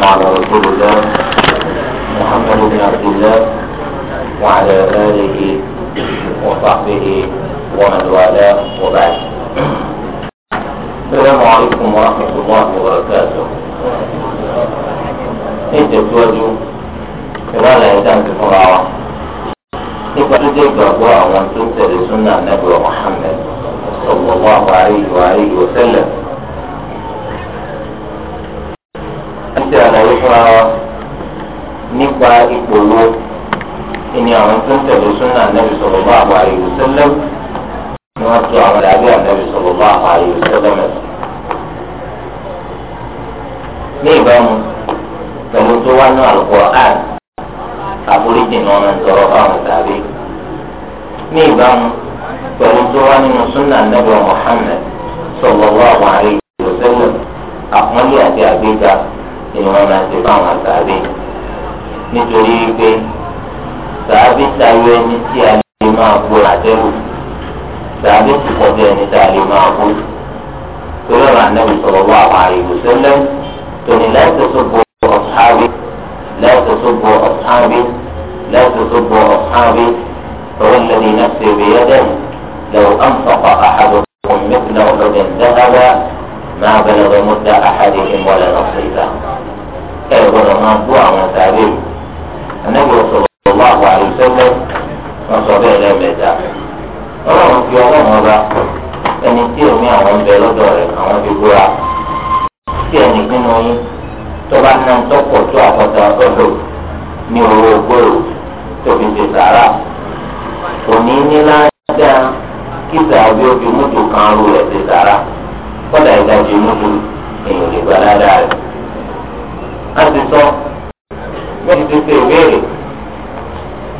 والسلام على رسول الله محمد بن عبد الله وعلى آله وصحبه ومن والاه وبعد السلام عليكم ورحمة الله وبركاته انت تواجه خلال ايتام في الفراغ nípa tó jẹ́ ìgbàgbọ́ àwọn tó tẹ̀lé súnà nàbẹ̀wò Muhammad sallallahu alaihi ṣe àlàyé fún ara wa nípa ipò wo ni àwọn tó ń tẹ̀lé súnà ànábì sọ̀rọ̀ bá àwọn àyèwò sẹ́lẹ̀ ni wọ́n tó àwọn dàbí ànábì sọ̀rọ̀ bá àwọn àyèwò sẹ́lẹ̀ mẹ́sàn. ní ìbámu pẹ̀lú tó wá ní Al-Qur'an àforíjì ni wọ́n ń tọrọ fáwọn tàbí. ní ìbámu pẹ̀lú tó wá nínú súnà ànábì Muhammad sọ̀rọ̀ bá àwọn àyèwò sẹ́lẹ̀ àpọ́nlé àti àgbéga. ni wọ́n ti fáwọn àtàbí nítorí pé tàbí tayọ ẹni tí a lè máa bó àtẹ́rù tàbí ti kọjá ẹni tí a lè máa bó torí ko te eni ànábì sọ̀rọ̀ wá àwọn àyèwò sẹ́lẹ̀ tóní láti tó bọ̀ ọ̀sáàbí láti tó bọ̀ ọ̀sáàbí láti tó bọ̀ towo ọ̀sáàbí والذي نفسي بيده لو أنفق أحدكم مثل أحد ذهبا ما بلغ مد أحدهم ولا نصيبه gbọ́dọ̀ máa bú àwọn sáré o Ànábì sallallahu alaihi wasallam wọn sọ bẹ́ẹ̀ lẹ́ẹ̀mẹ́ta Ọlọ́run fi Ọlọ́run ọba ẹni tí omi àwọn ń bẹ lọ́dọ̀ rẹ̀ àwọn ti búra tí ẹni nínú yín tó bá ná ń tọ́pọ̀ tó àkọta ọdọ ní owó gbòòrò tóbi ti sàrà òní nílá dáa kíta àbí ojú mútu kan rú rẹ̀ ti sàrà kọ́dà ìdajì mútu èèyàn lè gbà ládàá rẹ̀ láti sọ lórí pípé ìbéèrè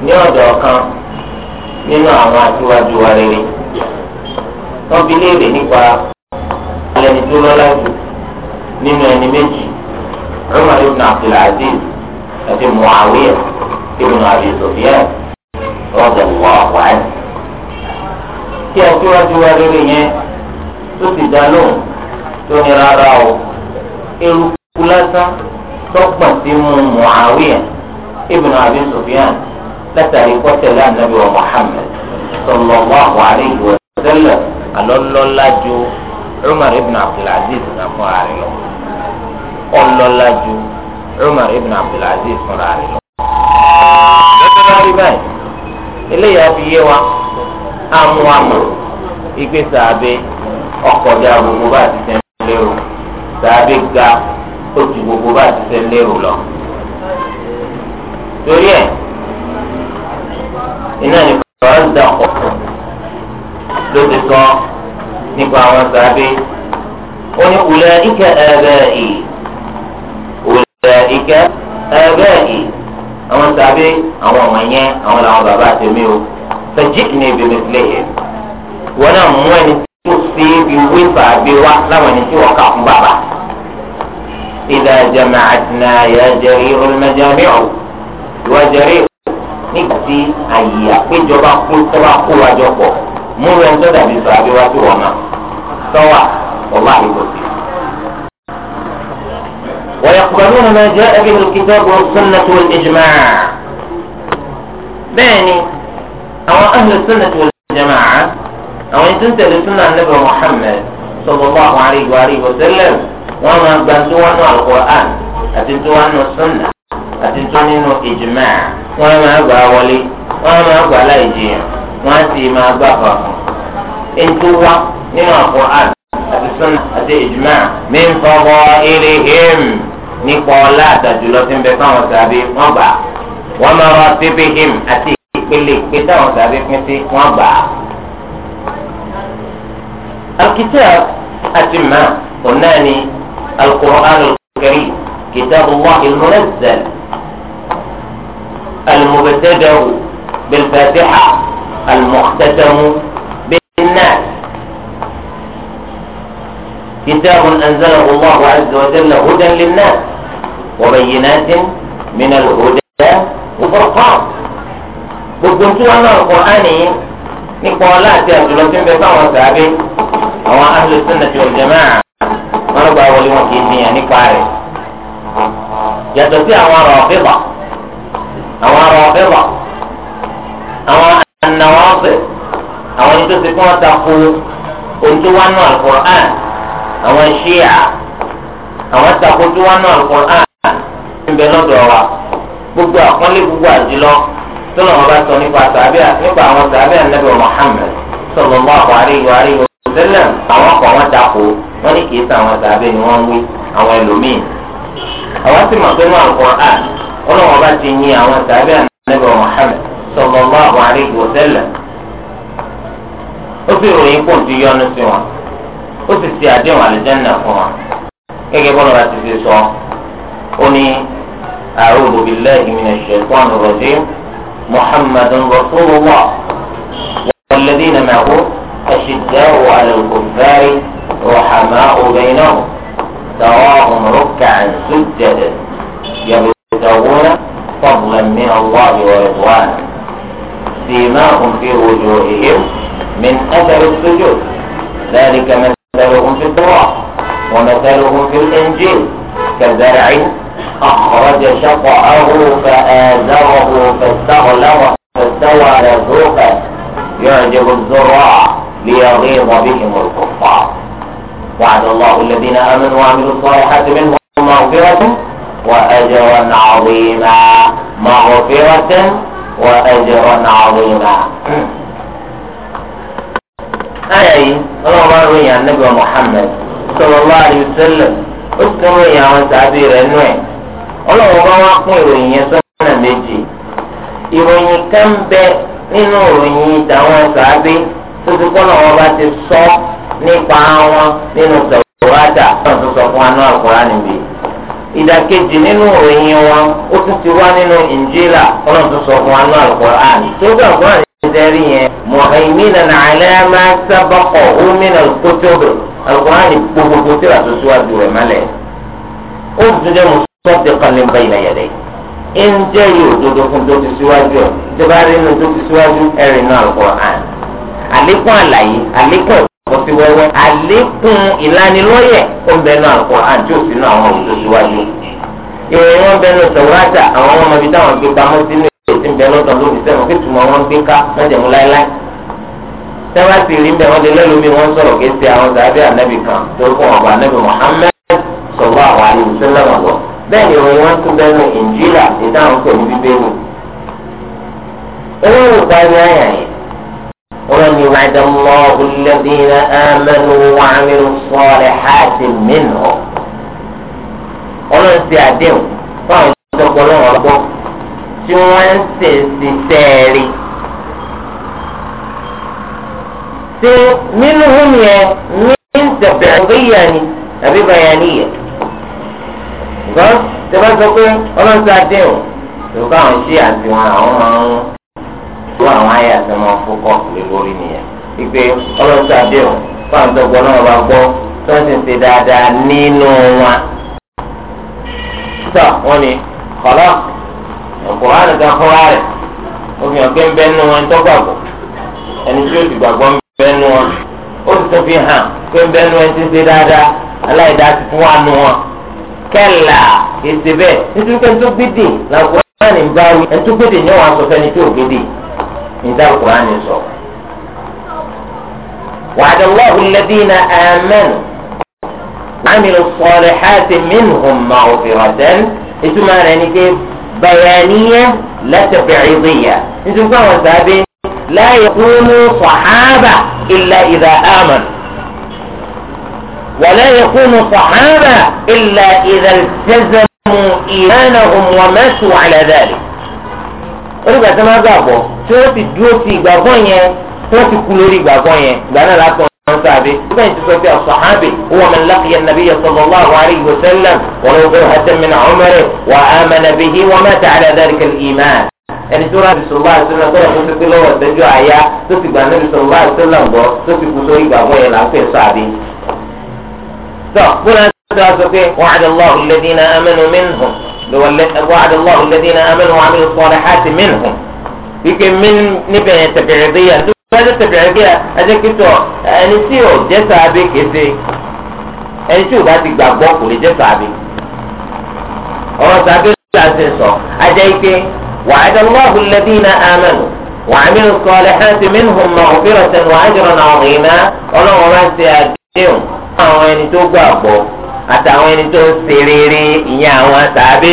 ní ọ̀dọ̀ kan nínú àwọn aṣíwájú wa rere wọ́n fi léèrè nípa ẹni tó lọ́lá jù nínú ẹni méjì Umar ibn Abdul Aziz àti Muawiya ibn Abi Sufyan radiyallahu anhu. kí aṣíwájú wa rere yẹn tó sì dá lóhùn tó ní rárá o eruku lásán tọ́gbọ̀n sí mu Muawiya ibn Abi Sufyan látàrí kọ́tẹ̀lá nàbí wa Muhammad sallallahu alayhi wa sallam alọ́lọ́lájú Umar ibn Abdulaziz nà fún ààrẹ lọ ọlọ́lájú Umar ibn Abdulaziz fún ààrẹ lọ. lọ́tọ́lárí báyìí eléyà fi yé wa àmú àmú ìgbésà abẹ ọkọ̀ dá gbogbo bá ti sẹ́ńtẹ́lẹ́ o sàbẹ̀ ga ó ju gbogbo bá ti fẹ́ lérò lọ. torí ẹ̀ iná ní kọ́ńtà ń dà ọ̀pọ̀ ló ti sọ nípa àwọn sàbí ó ní wùlẹ̀ ike ẹ̀bẹ̀ yìí wùlẹ̀ ike ẹ̀bẹ̀ yìí àwọn sàbí àwọn ọmọ yẹn àwọn làwọn bàbá tèmi o fẹjì ní ibi mẹsìlẹ yẹn wọn náà mú ẹni tí ṣe é bí wípé àbí wá láwọn ẹni tí wọn kà fún bàbá. إذا جمعتنا يا جرير المجامع وجرير نكسي أيا في جبا قلترا tọ́ba kú مو pọ̀ múlò ẹni سواء والله sọ abíwá ويقبلون ما جاء به الكتاب والسنة والإجماع بيني أو أهل السنة والجماعة أو إن تنتهي لسنة النبي محمد صلى الله عليه وآله وسلم wọ́n máa gba tí wọ́n nù Al-Qur'an àti tí wọ́n nù sunna àti tí wọ́n nínú ijma' wọ́n máa gbà wọlé wọ́n máa gbà láì jiyàn wọ́n á sì máa gbà fàfún. ètò wa nínú al àti sunna àti ijma' min fadailihim nípa ọlá àtàjùlọ tí ń bẹ fáwọn sàbí wọ́n gbà wọ́n máa wá pépéhìm àti ìpele ìpè táwọn sàbí pín sí wọn gbà á. akitab àti màá kò القرآن الكريم كتاب الله المنزل المبتدأ بالفاتحة المختتم بالناس كتاب أنزله الله عز وجل هدى للناس وبينات من الهدى وفرقان gbogbo tí أنا القرآن kọ لا تأتي ọlá àti àjùlọ tí ń bẹ fáwọn wọn ló gba wọlé wọn kì í dìyàn nípa rẹ̀ yàtọ̀ sí àwọn ọ̀rọ̀ ọ̀fẹ́fà àwọn ọ̀rọ̀ ọ̀fẹ́fà àwọn ànàwọ̀ ọ̀fẹ́ àwọn ẹni tó ti kún ọ̀tà kú ojúwánú alukur'an àwọn ṣíà àwọn tako ojúwánú alukur'an ń bẹ lọ́dọ̀ wa gbogbo àkọlé gbogbo àjùlọ tó lọ́wọ́ bá sọ nípa sàbíà nípa àwọn sàbíà nàbẹ̀ Muhammad sallallahu alaihi wa alihi wa sallam àwọn kọ̀ wọ́n tako wọ́n ní kìí sàwọn sàbẹ̀ ni wọ́n ń wí àwọn ẹlòmíì. àwọn sì mọ̀ pé ní àwọn à ọlọ́wọ́n bá ti yin àwọn sàbẹ̀ ànábì Muhammad sallallahu alaihi wa sallam. ó sì ròyìn kó ti yọnu sí wọn ó sì ti àdéhùn àlùjánnà fún wọn. gẹ́gẹ́ bọ́lá bá ti fi sọ ó ní a'udhu billahi minash shaitani rajim muhammadun rasulullah والذين معه أشداء على الكفار رحماء بينهم تراهم ركعا سجدا يبتغون فضلا من الله ورضوانه سيماهم في وجوههم من اثر السجود ذلك مثلهم في التوراه ومثلهم في الانجيل كزرع اخرج شطاه فازره فاستغلظ فاستوى على سوقه يعجب الزراع ليغيظ بهم الكفار وعد الله الذين آمنوا وعملوا الصالحات منهم مغفرة وأجرا عظيما مغفرة وأجرا عظيما أي الله عن النبي محمد صلى الله عليه وسلم أسلم يا من تعبير النوع ọlọ́run bá wá kún ìròyìn yẹn sọ́nà méjì ìròyìn kan bẹ nínú ìròyìn ìtàwọn sàábé tó ti kọ́ náà bá ti sọ nípa wọn nínú tẹ̀wọ́rọ́dà náà tó sọ fún anú àkùrá níbi. ìdàkejì nínú òyìn wọn ó tún ti wá nínú ìnjílà náà tó sọ fún anú àkùrá níbi. tó bá àkùrá níbi yẹn mọ̀hẹ́mínà nàálẹ́ máa sábàkọ̀ ómìnà kótóbò àkùrá ní gbogbogbò tí wàá tó síwájú rẹ̀ mọ́lẹ̀. ó tún jẹ́ mùsọ́ọ̀dẹ́kan ní àlékún àlàyé àlékún sí wẹ́wẹ́ àlékún ìlanilọ́yẹ̀ ó ń bẹnu àlùkò àti òsínú àwọn òṣèlú síwájú. ìròyìn wọn bẹnu sọ̀rọ̀tà àwọn ọmọ ibi táwọn gbé pamọ́ sínú ètò tí ń bẹ lọ́dọ̀ lórí sẹ́wọ̀n pé tùmọ̀ wọn gbé ká wọ́n jẹ̀mú láéláé. sẹ́wọ́n sì rí bẹ́ẹ̀ wọ́n lé lẹ́lómi wọn sọ̀rọ̀ kéṣe àwọn sàbẹ́ ànábì kan tó kọ́ ọ̀bà ànábì Muhammad sọ̀rọ̀ àwọn àlùsọ́lọ́mọ̀ bẹ́ẹ̀ ni ìròyìn wọn tún bẹnu ìnjílà ìdáhùn pẹ̀lú bíbélì. olóòrùn pa ẹni àyà yẹn ومن وعد الله الذين آمنوا وعملوا الصالحات منهم ọlọ́run ti àdéhùn fún àwọn ìjọba ọlọ́run ọgbọ́n tí wọ́n ń ṣèṣì tẹ̀ẹ̀rì. ṣé nínú hùn yẹn ní ìjọba ìyá ni àbí bàyà níyà. ṣùgbọ́n tí wọ́n sọ pé ọlọ́run ti àdéhùn lóko àwọn ṣí àti wọn àwọn máa ń fún àwọn àyà tí wọ́n fọkọ̀ lé lórí nìyẹn wípé ọlọ́sọ abẹ́ọ̀ fáwọn tó gbọ́ náà bá gbọ́ tó ń ṣe dáadáa nínú wọn. sọ wọn ni kọlọ ọkùnrin kan fún wa rẹ obìnrin ọgbẹ́ ń bẹ́ nínú wọn tó gbàgbọ́ ẹni tí ó ti gbàgbọ́ ń bẹ́ nínú wọn ó ti tún fi hàn pé ń bẹ́ nínú wọn ti ṣe dáadáa aláìdá ti fún wa nù wọn kẹlà èsì bẹ́ẹ̀ nítorí pé ń tó gbédè làkúrẹ́ ní báwí ń tó gbédè ní wọn aṣọ fẹ́ni tó gbédè. níta kúránì sọ. وعد الله الذين آمنوا وعملوا الصالحات منهم مغفرة ìtumọ̀ rẹ̀ ni pé bayaniya látàbícidiyya nítorí pé àwọn sábẹ́ la yakunu sàhábà illa idha amanu wala yakunu sàhábà illa idha iltazamuu imanahum wa matu ala dhalik. ó lùgbà tí a onígbà tí wọ́n gbàgbọ́ tí wọ́n ti dúró ti ìgbàgbọ́ yẹn tí wọ́n ti kú lórí ìgbàgbọ́ yẹn ìgbà náà látọ̀ wọn sáàbẹ̀ bẹ́ẹ̀ ni ti sọ pé ọ̀sán-ábì wọn mi lákìyà nàbí yẹn sọ̀rọ̀ wà wà rí ìwé sẹ́lẹ̀m wọn ló bẹ̀rẹ̀ hàtẹ́ mi náà omode wà á mẹ nàbí yìí wọn mẹ́ta àdàdàrí kẹlẹ̀ ìmáà ẹni tó rà bisalòlá àṣẹlẹ tó yẹ kó ti pé lọ́wọ́ ìtẹ́jú àyà tó ti gbà ní bisalòlá àṣẹlẹ ń bọ̀ tó ti kú sórí ìgbàgbọ́ yẹn là ń pè sọ fúnra sọ pé wàhálà allah lẹ́dínà amẹ́nu mẹ́nu وعد الله الذين امنوا وعملوا الصالحات منهم يمكن من نبي تبعيديه هذا تبعيديه هذا كتو انسيو آه، جسا بي كيسي انسيو يعني باتي غابو كوري جسا بي اور سابي سو اجايكي وعد الله الذين امنوا وعملوا الصالحات منهم مغفره واجرا عظيما ولو ما سيأتيهم او آه، يعني ان توبوا àtàwọn ẹni tó ń ṣe rere ìyẹn àwọn sàábé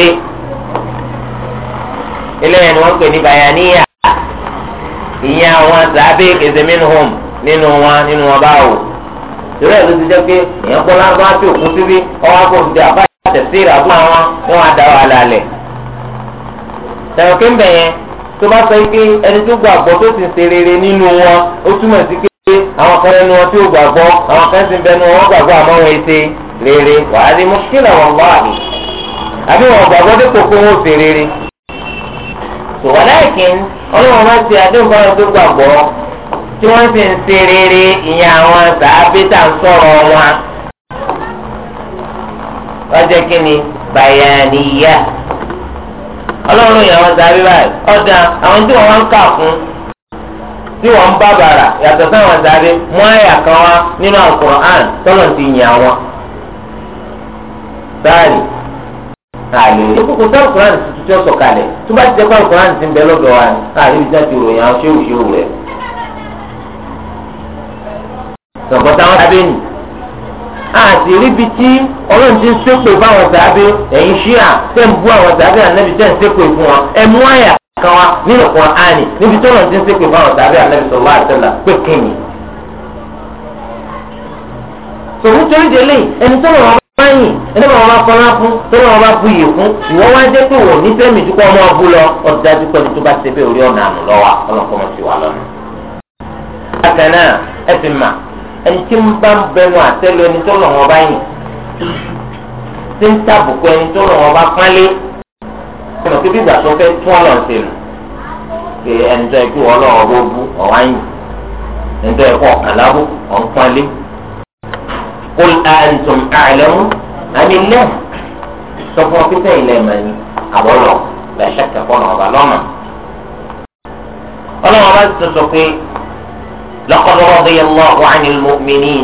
eléyìí ni wọ́n pè ní bayaniya ìyẹn àwọn sàábé kèsè minhum nínú wọn nínú wọn báwo torí ẹ̀ ló ti jẹ́ pé èèyàn kọ́ láńkọ́ á fi òkú síbí ọwọ́ kò fi àbá tẹ̀síìrì àbúrò àwọn wọn á dá wàhálà lẹ̀ tẹ̀wọ̀n kéńbẹ̀ yẹn tó bá sọ pé ẹni tó gbàgbọ́ tó ti ṣe rere nínú wọn ó túmọ̀ sí pé. àwọn kan lẹ́nu wọn tí gbàgbọ́ àwọn kan sì ń bẹnu wọn gbàgbọ́ àmọ́ wọn ète rere wàá rí mọ́ṣílẹ̀ wọn wá àmì àbí wọn gbàgbọ́ dípò pé wọn ò rere. ọlọ́run ti àdéhùn báwọn tó gbàgbọ́ tí wọ́n sì ń ṣe rere ìyẹn àwọn sàábítà ń sọ̀rọ̀ wọn. wọ́n jẹ́ kí ni bàyàníyà ọlọ́run yẹn sàábí tí wọ́n bá bàrà yàtọ̀ sáwọn sáré mú àyà kan wá nínú alukur'an tọ́lọ̀ ti yàn wọn. báyìí àlè ní kókó tí alukur'an ti tuntun sọ kalẹ̀ tó bá ti jẹ́ pé alukur'an ti ń bẹ lọ́dọ̀ wa ni káàdé bí sáà ti ròyìn àwọn ṣéwù ṣéwù rẹ̀. sọ̀kọ́ táwọn sábẹ́ nì àti ríbi tí ọlọ́run ti ń ṣépè fún sábẹ́ ẹ̀yin ṣíà tẹ̀ ń bú àwọn sábẹ́ ànábi kan wa nínú kan áni níbi tó lọ́n ti ń sèpè fáwọn tàbí àlẹ́ bisọ̀ wá àtẹ́là pé kéènì. sòwò torí délé ẹni tó lọ́wọ́ bá yìn ẹni tó lọ́wọ́ bá fọlá fún tó lọ́wọ́ bá bu yìí fún ìwọ wá jẹ́ pé wò ní sẹ́mi dúpọ̀ ọmọ ọbú lọ ọ̀dájú pẹ̀lú tó bá ṣe pé orí ọ̀nà àmì lọ́wọ́ ọlọ́kọ́mọ ti wà lọ́nà. bákan náà ẹ fi mà ẹni tí ń bá ń bẹnu àtẹ́lu ẹni tó lọ́wọ́ bá yìn tí ń tàbùkù ẹni tó lọ́wọ́ bá pálí ọmọ pé bíbà tó fẹ́ tún ọ̀rọ̀ ṣe nù pé ẹni tó yẹ kí wọ́n lọ́wọ́ bó bú ọ̀wá yìí ẹni tó yẹ kó ọ̀kàn lábò ọ̀npọ̀nlé. qul antum a'lamu àmì lẹ́ sọ fún ọ pé sẹ́yìn lẹ́ẹ̀mọ́ ni àbọ̀lọ̀ làṣẹ kẹfọ́nà ọ̀bà lọ́nà. ọlọ́wọ́n bá ti sọ pé laqad radiyallahu 'anil mu'minin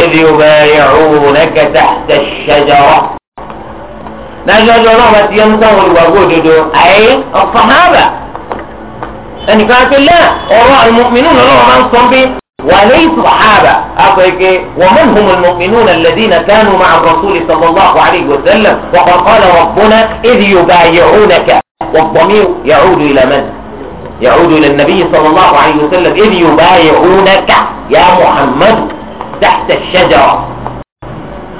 idh yubay'unaka tahta dájọ́ ọjọ́ náà wọ́n ti yẹnu sáwọn olùwàgbọ́ òdodo àyè ọ̀fọ̀hábà ẹnìkan ṣe lẹ́ ọ̀rọ̀ àlùmọ̀mìnú náà wọ́n máa ń sọ bí wàlẹ́ ìsọ̀hábà àpèké wọ́n mú ìhùn mọ̀mìnú náà lẹ́dí iná kánú máa ń rọ̀tún lè sọ̀rọ̀ lọ́wọ́ àwọn àríwọ̀ sẹ́lẹ̀ wọ́kọ̀kọ́lẹ̀ wọ́n gbóná ìdí yorùbá yẹ̀hún nàkà wọ́n gbọ́mí yàhúdù ìlàmẹ́n يعود إلى النبي صلى الله عليه وسلم إذ يبايعونك يا محمد تحت الشجرة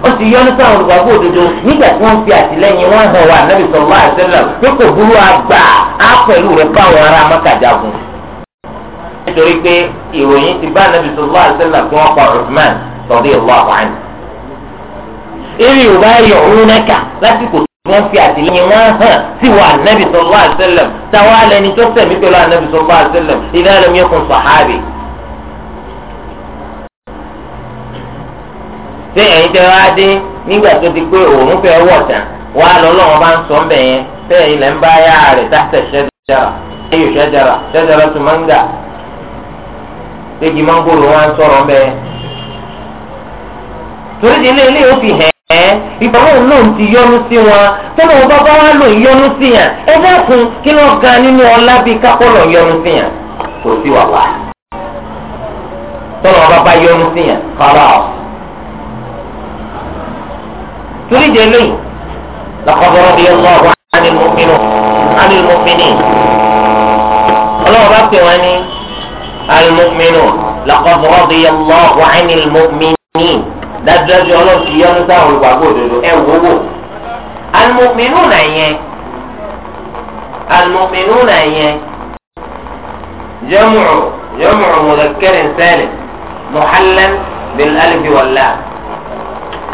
ó ti yọ́nú sáwọn olùgbàgbọ́ òdodo nígbà tí wọ́n fi àtìlẹ́yìn wọn hàn wá nàbì sallallahu alaihi wasallam pé kò burú àgbà á pẹ̀lú rẹ̀ báwọn ará mọ́kàjágun. nítorí pé ìròyìn ti bá nàbì sallallahu alaihi wasallam kí wọ́n pa Uthman radiyallahu anhu. eré yorùbá yọ òun nẹ́ka lásìkò tí wọ́n fi àtìlẹ́yìn wọn hàn sí wa nàbì sallallahu alaihi táwa lẹni tó tẹ̀mí pẹ̀lú ṣé ẹ̀yin tẹ́ wá dé nígbà tó ti pé òun fẹ́ wọ̀ bá ń sọ ọ́nbẹ̀ yẹn ṣé ẹ̀yin lẹ́ ń bá yá rẹ̀ dáṣẹ̀ ṣẹ́dára ṣẹ́dára ṣẹ́dára tó máa ń gà ṣéjì torí ti ilé ilé yóò fi ẹ́ náà ti yọnu sí wọn wọn bá wá lò yọnu sí yàn ẹ bá kun kí ga nínú ọlá bíi kápọ́lọ̀ yọnu sí yàn kò sí wàhálà wọn bá torí ìdílé lọ́kọ̀ọ́bọ̀rọ̀ bíi ọlọ́ọ̀bọ̀ ánìmọ̀mínú ánìmọ̀míní ọlọ́wọ́ bá pè wọ́n ní ánìmọ̀mínú lọ́kọ̀ọ́bọ̀rọ̀ bíi ọlọ́ọ̀bọ̀ ánìmọ̀míní dájúdájú ọlọ́run ti yọ́nú sáwọn olùgbàgbọ́ òdodo ẹ̀ wọ́wọ́ ánìmọ̀mínú nà yẹn ánìmọ̀mínú nà yẹn jẹ́mùrù jẹ́mùrù mọ̀lẹ́kẹ́rin sẹ́lẹ̀ mọ̀hálẹ́ bẹ́ẹ̀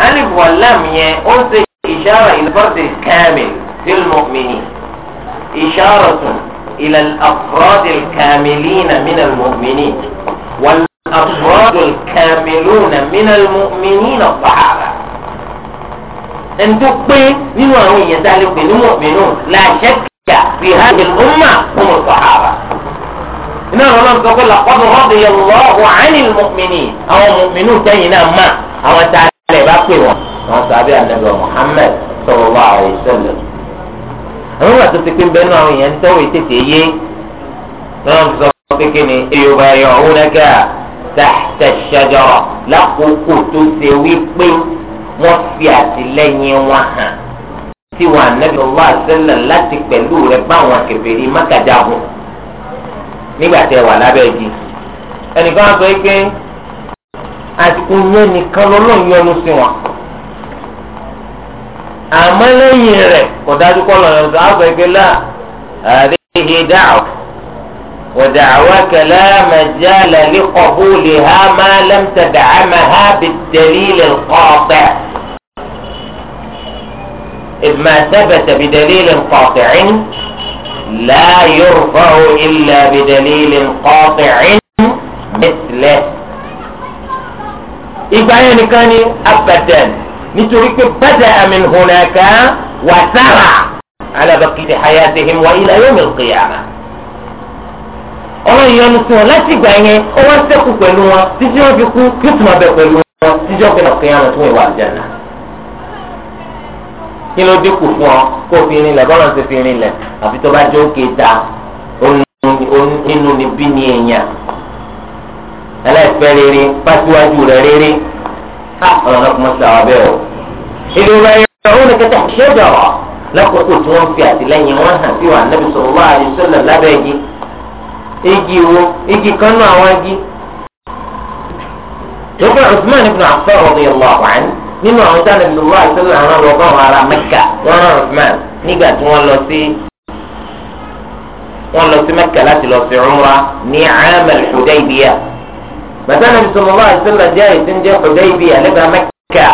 ألف واللام هي أنزل إشارة إلى الفرد الكامل في المؤمنين إشارة إلى الأفراد الكاملين من المؤمنين والأفراد الكاملون من المؤمنين الصحابة أنتم قلت من وهم يتعلق بالمؤمنون لا شك في هذه الأمة هم الضحابة إنه لم تقول لقد رضي الله عن المؤمنين أو المؤمنون كينا نعم ما أو تعلق tẹ́ ẹ bá pè wọ́n àwọn sábẹ́ àdàbà Muhammad sallallahu alaihi wasallam. àwọn àti pípín bẹ́ẹ̀ náà àwọn èèyàn ń tẹ́wọ̀ ètètè yé náà sọ kéke ni yorùbá yọ òun nàkà tahta ash-shajara lákòókò tó ṣe wípé wọ́n fi àtìlẹ́yìn wọn hàn tí wọn ànábì ọlọ́ àṣẹlẹ̀ láti pẹ̀lú rẹ báwọn kèfèrí mákàjá hùn nígbà tẹ wà lábẹ́ igi ẹnìkan sọ pé. àsìkò yẹn nìkan lọ́lọ́run yọ́nú sí wọn. àmọ́ lẹ́yìn rẹ̀ kò dájú kọ́ lọ́nà ọ̀dọ́ àgbẹ̀gbẹ́lá àdéhìí dáàbò ودعواك لا مجال لقبولها ما لم تدعمها بالدليل القاطع إذ ما ثبت بدليل قاطع لا يرفع إلا بدليل قاطع مثله ìgbà yẹn nìkan ni abadan nítorí pé bàdà àmì hùnàkà wà sára alábàkìtì hayatihim wa ila yawm al-qiyamah ọlọ́run yọ́nú sí wọn láti ìgbà yẹn ó wá sẹ́kù pẹ̀lú wọn títí wọn fi kú yóò tún máa bẹ pẹ̀lú wọn títí wọn fi nà qiyamah tún ìwà àjànà kí ló dínkù fún ọ kó fi rin lẹ bọ́lá ti fi rin lẹ àfi tó bá jẹ́ òkè ta onínú ni bí ni èèyàn ẹlẹ́fẹ́ rere pàṣíwájú rẹ̀ rere ká ọ̀nà kò mọ̀ sí àwọn abẹ́ o. ìlú rẹ̀ yẹn ó kẹta ṣẹ́jà wà lákòókò tí wọ́n fi àtìlẹ́yìn wọn hàn sí wa Ànábì sallallahu alaihi wasallam lábẹ́ igi igi wo igi kan náà àwọn igi. lókè Usman ibn Affan radiyallahu anhu nínú àwọn tí Ànábì sallallahu alaihi wasallam àwọn ọlọ́gbọ́n àwọn ará Mẹ́kà wọ́n rán Usman nígbà tí wọ́n lọ sí wọ́n lọ sí Mẹ́kà láti lọ sí umra ní amal Hudaybiyah bàtà nàbì sallallahu alaihi wasallam jẹ́ èyí tí ń jẹ́ Hudaybiyah àlẹ́gbà Mẹ́kà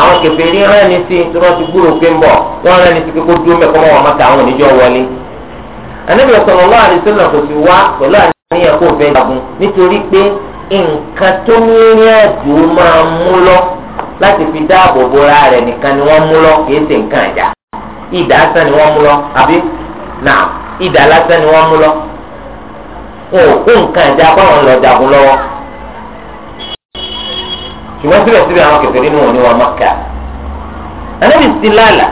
àwọn kèfèrí rẹ́ni sí tí wọ́n ti gbúrò pé ń bọ̀ wọ́n rẹ́ni sí kíkó dúró mẹ́kọ́ mọ́ wọn mọ́ta àwọn oníjọ́ wọlé. ànábì sallallahu alaihi wasallam kò sí wá pẹ̀lú àníyàn kó fẹ́ jagun nítorí pé nǹkan tó ní rí àjò máa mú lọ láti fi dáàbò bora rẹ̀ nìkan ni wọ́n mú lọ kìí ṣe nǹkan àjà ìdá ṣùgbọ́n síbẹ̀síbẹ̀ àwọn kẹfẹ́ nínú òní wọn Mẹ́kà anábì sí lálà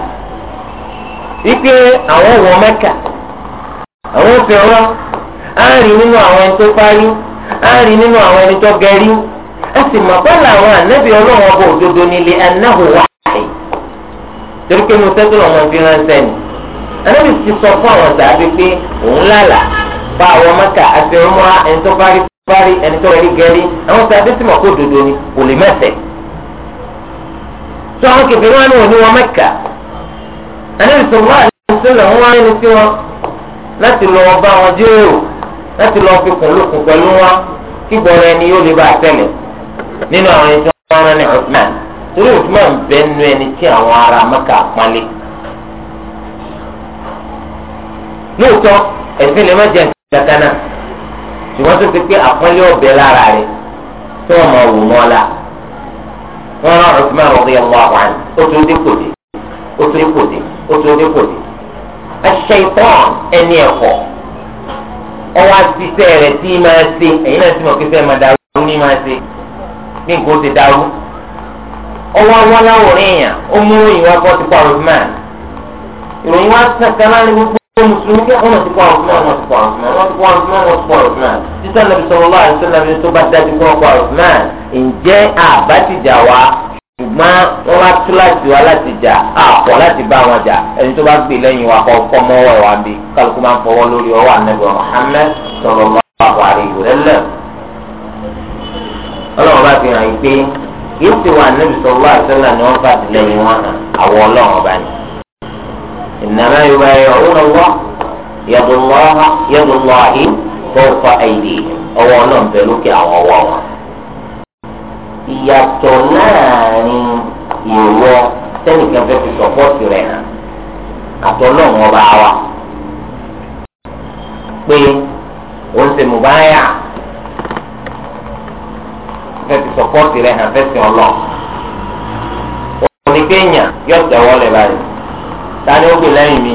wípé àwọn wọ Mẹ́kà àwọn òfin ọ̀rọ̀ á rí nínú àwọn ẹni tó parí á rí nínú àwọn ẹni tó gẹrí á sì mọ̀ pẹ́lú àwọn ànábì ọlọ́run ọba òdodo nílé anáhùn wà torí pé mo tẹ́tù lọ́wọ́ fi ránṣẹ́ ni anábì ti sọ fún àwọn sàbí pé òun lálà pa àwọn Mẹ́kà àti ọmọ ẹni tó parí fari ẹni tó rẹ̀ gẹ́rí àwọn tí a dé sí mọ̀ kó dodo ni kò lè mẹ́sẹ̀. tó àwọn kẹfẹ́ wọn ni wọn ní wọn mẹ́kà ànábì sọ̀rọ̀ àti sọ̀rọ̀ wọn wáyé ni sí wọn láti lọ bá wọn jíròrò láti lọ fi kùn lókun pẹ̀lú wọn kí gbọ́dọ̀ ẹni yóò lè bá a tẹ̀lé nínú àwọn ẹni tí wọ́n rán ní Uthman torí Uthman bẹ́ẹ̀ nu ẹni tí àwọn ará mẹ́kà pálí. lóòótọ́ ẹ̀sìn lè má jẹ́ ìgbàkanná ṣùgbọ́n tó ti pé àpọ́nlé ọ̀bẹ lára rẹ̀ tí wọ́n máa wò mọ́ la wọ́n rán Uthman radiyallahu anhu ó tún dé kòdè ó tún dé kòdè ó tún dé kòdè. Aṣ-Ṣaytan ẹni ẹ̀kọ́ ọwọ́ àtisẹ́ rẹ̀ tí máa ṣe ẹ̀yin náà ti mọ̀ pé fẹ́ẹ́ máa darú ní máa ṣe bí nǹkan ó ti darú ọwọ́ wọn láwòrán èèyàn ó mú ìwọ́n ìròyìn wa sàn kan láti gbogbo mùsùlùmí kí wọ́n ti kọ́ àwọn fúnà wọ́n ti kọ́ àwọn fúnà wọ́n ti kọ́ àwọn fúnà wọ́n ti kọ́ àwọn fúnà títà nàbì sọ̀rọ̀ lọ́wọ́ àti sọ̀rọ̀ nàbì tó bá dájú kí ṣùgbọ́n wọ́n bá tú láti wá láti jà àpọ̀ láti bá wọn jà ẹni tó bá gbé lẹ́yìn wa kọ́ kọ́ mọ́wọ́ wa bí kálukú máa ń fọwọ́ lórí ọwọ́ ànábì Muhammad sọ̀rọ̀ lọ́wọ́ àrí ìrẹ́lẹ̀ ọlọ́run bá fi hàn yí pé yóò ti wà ànábì sọ̀rọ̀ àti sọ̀rọ̀ ni wọ́n bá ti lẹ́yìn wọn hàn àwọn ọlọ́run ọba ni. إنما يبايعون الله يد الله يد الله فوق أيديهم أو náà bẹ lókè àwọn ọwọ́ wọn. ìyàtọ̀ náà ni ìwọ sẹ́nìkan fẹ́ fi sọ́pọ́ọ̀tì rẹ̀ hàn àtọ̀ náà wọn bá wa. pé òun ṣe mùbáyà fẹ́ fi sọ́pọ́ọ̀tì rẹ̀ hàn fẹ́ sìn ọlọ́ọ̀. òun ni kéèyàn yóò tẹ̀wọ́ lẹ̀ ta ni ó gbè lẹ́yìn mi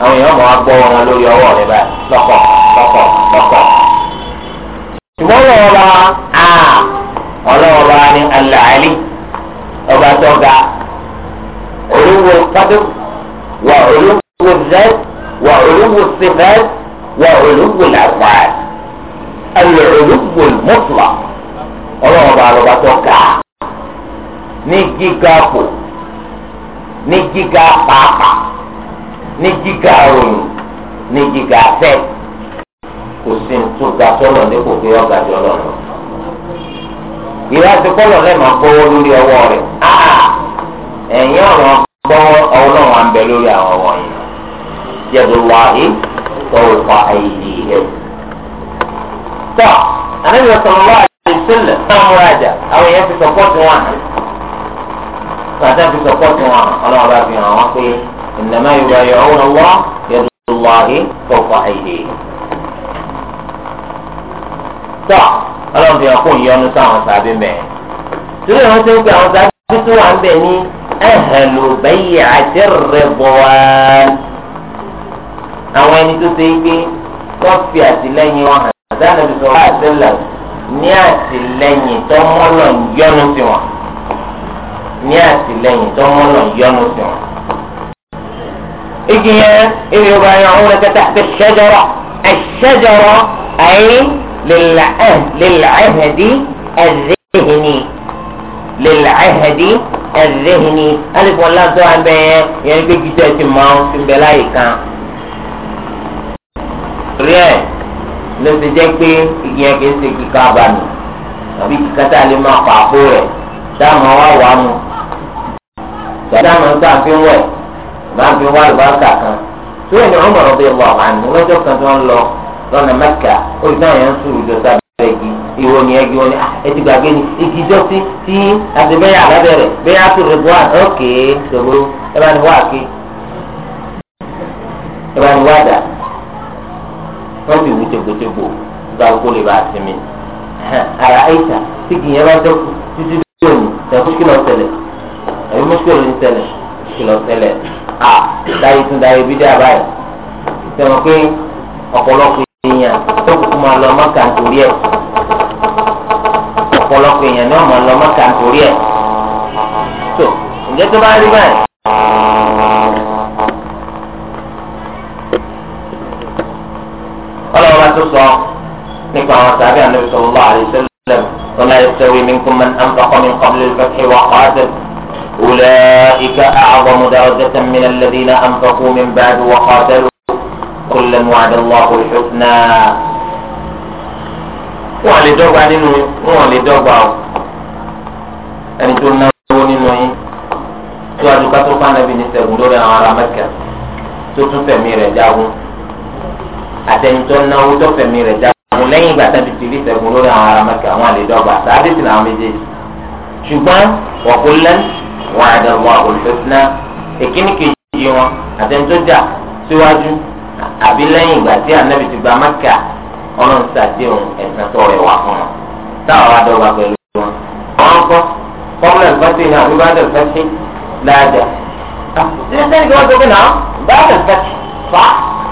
àwọn èèyàn mọ̀ wá gbọ́ wọn lórí ọwọ́ rẹ báyìí lọ́kọ̀ lọ́kọ̀ lọ́kọ̀. ṣùgbọ́n lọ́wọ́ bá a ọlọ́wọ́ bá ní alàálí ọba tó ga olówó kádó wà olówó zẹ́ wà olówó sèfẹ́ wà olówó làwàá alòlówó mọ́tò ọlọ́wọ́ bá lọ́ba tó ga ní gíga kò ní gíga pàápàá ní gíga ròyìn ní gíga fẹ́ kò sí tó ga sọ́nà dípò pé ọ̀gá jọ lọ́nà. ìwádìí kọ́nà lẹ́ẹ̀mọ́ gbọ́wọ́ lórí ọwọ́ rẹ̀ ẹ̀yìn ọ̀rọ̀ gbọ́wọ́ ọlọ́run àbẹ lórí àwọn ọwọ́ yìí yẹ̀dù wáyé tọ́wọ́ pa ayé rẹ̀. tọ́ àníbi ọ̀sán wáyé sílẹ̀ náà múra jà àwọn èèyàn ti sọ̀pọ̀ tí wọ́n á gbàtà fi sọpọ́tù wọn ọlọ́run bá fi hàn wọ́n pé ìnáma ìwà ìyàwó náà wọ́ yẹtù wàhí fọ̀fọ̀ àyè. tọ́ ọlọ́run fi hàn kó ìyọnu sáwọn sábẹ́ mẹ́. torí àwọn tó ń pe àwọn sábẹ́ tó wà ń bẹ̀ ní ẹ̀hẹ̀lò bẹ́yì àjẹrẹ̀bọ̀wá. àwọn ẹni tó ṣe é gbé wọ́n fi àtìlẹ́yìn wọn hàn sáà nàbìsọ̀ wá àtẹ́lẹ̀ ní àtìlẹ́yìn tọ́mọ́lọ̀ yọnu ní àtìlẹ́yìn tó mọ náà yọnu sí wọn. igi yẹn ebi yóò bá yẹn àwọn ọmọdé kẹta àti ṣẹjọrọ ẹṣẹjọrọ ayé lil'ahdi adh-dhihni lil'ahdi adh-dhihni alifọ lásán abẹ yẹn yẹn gbé jíjẹ ti máa fi bẹ láyé kan. torí ẹ ló ti jẹ pé igi kì í ṣe kíkà bá àbí kíkà tá a lè máa pa àpò rẹ dáàmú wa wà á gbàdá máa ń sá àfi ń wẹ̀ bá ń fi wá àlùbáríkà kan tó yẹ ní ọmọ ọ̀bẹ wà wà ní lọ́jọ́ kan tó ń lọ lọ́nà mẹ́kà olùdá yẹn ń sùn ìjọ sábẹ́ igi ìwọ ni ẹgi wọn ni ah, ẹti gbàgbé ni igi jọ sí tí àti bẹ́yà alábẹ́rẹ̀ bẹ́yà tó rẹ̀ bọ́à ókè ṣòro ẹ bá ní wá àké ẹ bá ní wá dà wọ́n ti wú tegbotegbo gba oko lè bá a sinmi ara ẹ̀ta tí kìí yẹn bá dọ́kù títí dọ́kù ní kí lọ́ọ́ tẹ̀lẹ̀ ẹ̀yin mọ́tòrò ń tẹ̀lé kìlọ̀ tẹ̀lé à dáyé tún dáyé bídé àbáyé tẹ̀wọ̀n pé ọ̀pọ̀lọpọ̀ èèyàn tó kúkú máa lọ mọ́kà nítorí ẹ̀ ọ̀pọ̀lọpọ̀ èèyàn náà máa lọ mọ́kà nítorí ẹ̀ tó ǹjẹ́ tó bá rí báyìí. ọlọ́run bá tó sọ nípa àwọn sàbí àná ìṣòro lọ́wọ́ àdìsẹ́lẹ̀ ọ̀la ìṣẹ́wé mi kún mọ́ ní àǹfààní kọ́mílẹ̀ fẹ́ kí wọ́n kọ́ أولئك أعظم درجة من الذين أنفقوا من بعد وقاتلوا كلا وعد الله الحسنى wọ́n lè dọ́gba nínú wọ́n lè dọ́gba o ẹni tó náwó nínú yín tí wàá dùkà tó fànàbí ní sẹ́gun lórí àwọn ará mẹ́kà tó tún fẹ̀mí rẹ̀ jágun àtẹnitọ́ náwó tó fẹ̀mí rẹ̀ jágun lẹ́yìn ìgbà tàbí tìrí sẹ́gun lórí àwọn ará mẹ́kà wọ́n lè dọ́gba sáà dé sí làwọn méjèèjì ṣùgbọ́n wọ́n kò lẹ́nu wa'ada Allahu al-husna èkíní kejì wọn àtẹnudọ́jà síwájú àbí lẹ́yìn ìgbà tí anabi ti gba mẹ́kà ọlọ́run ṣàdéhùn ẹ̀sán tó rẹ̀ wá fún wọn táwọn wá dọ́gba pẹ̀lú wọn. àwọn kọ́ kọ́mọ̀lá ìfọ́sí náà àbí bàdà ìfọ́sí dáadáa. ṣíṣe sẹ́ni kí wọ́n tó kí náà bàdà ìfọ́sí fa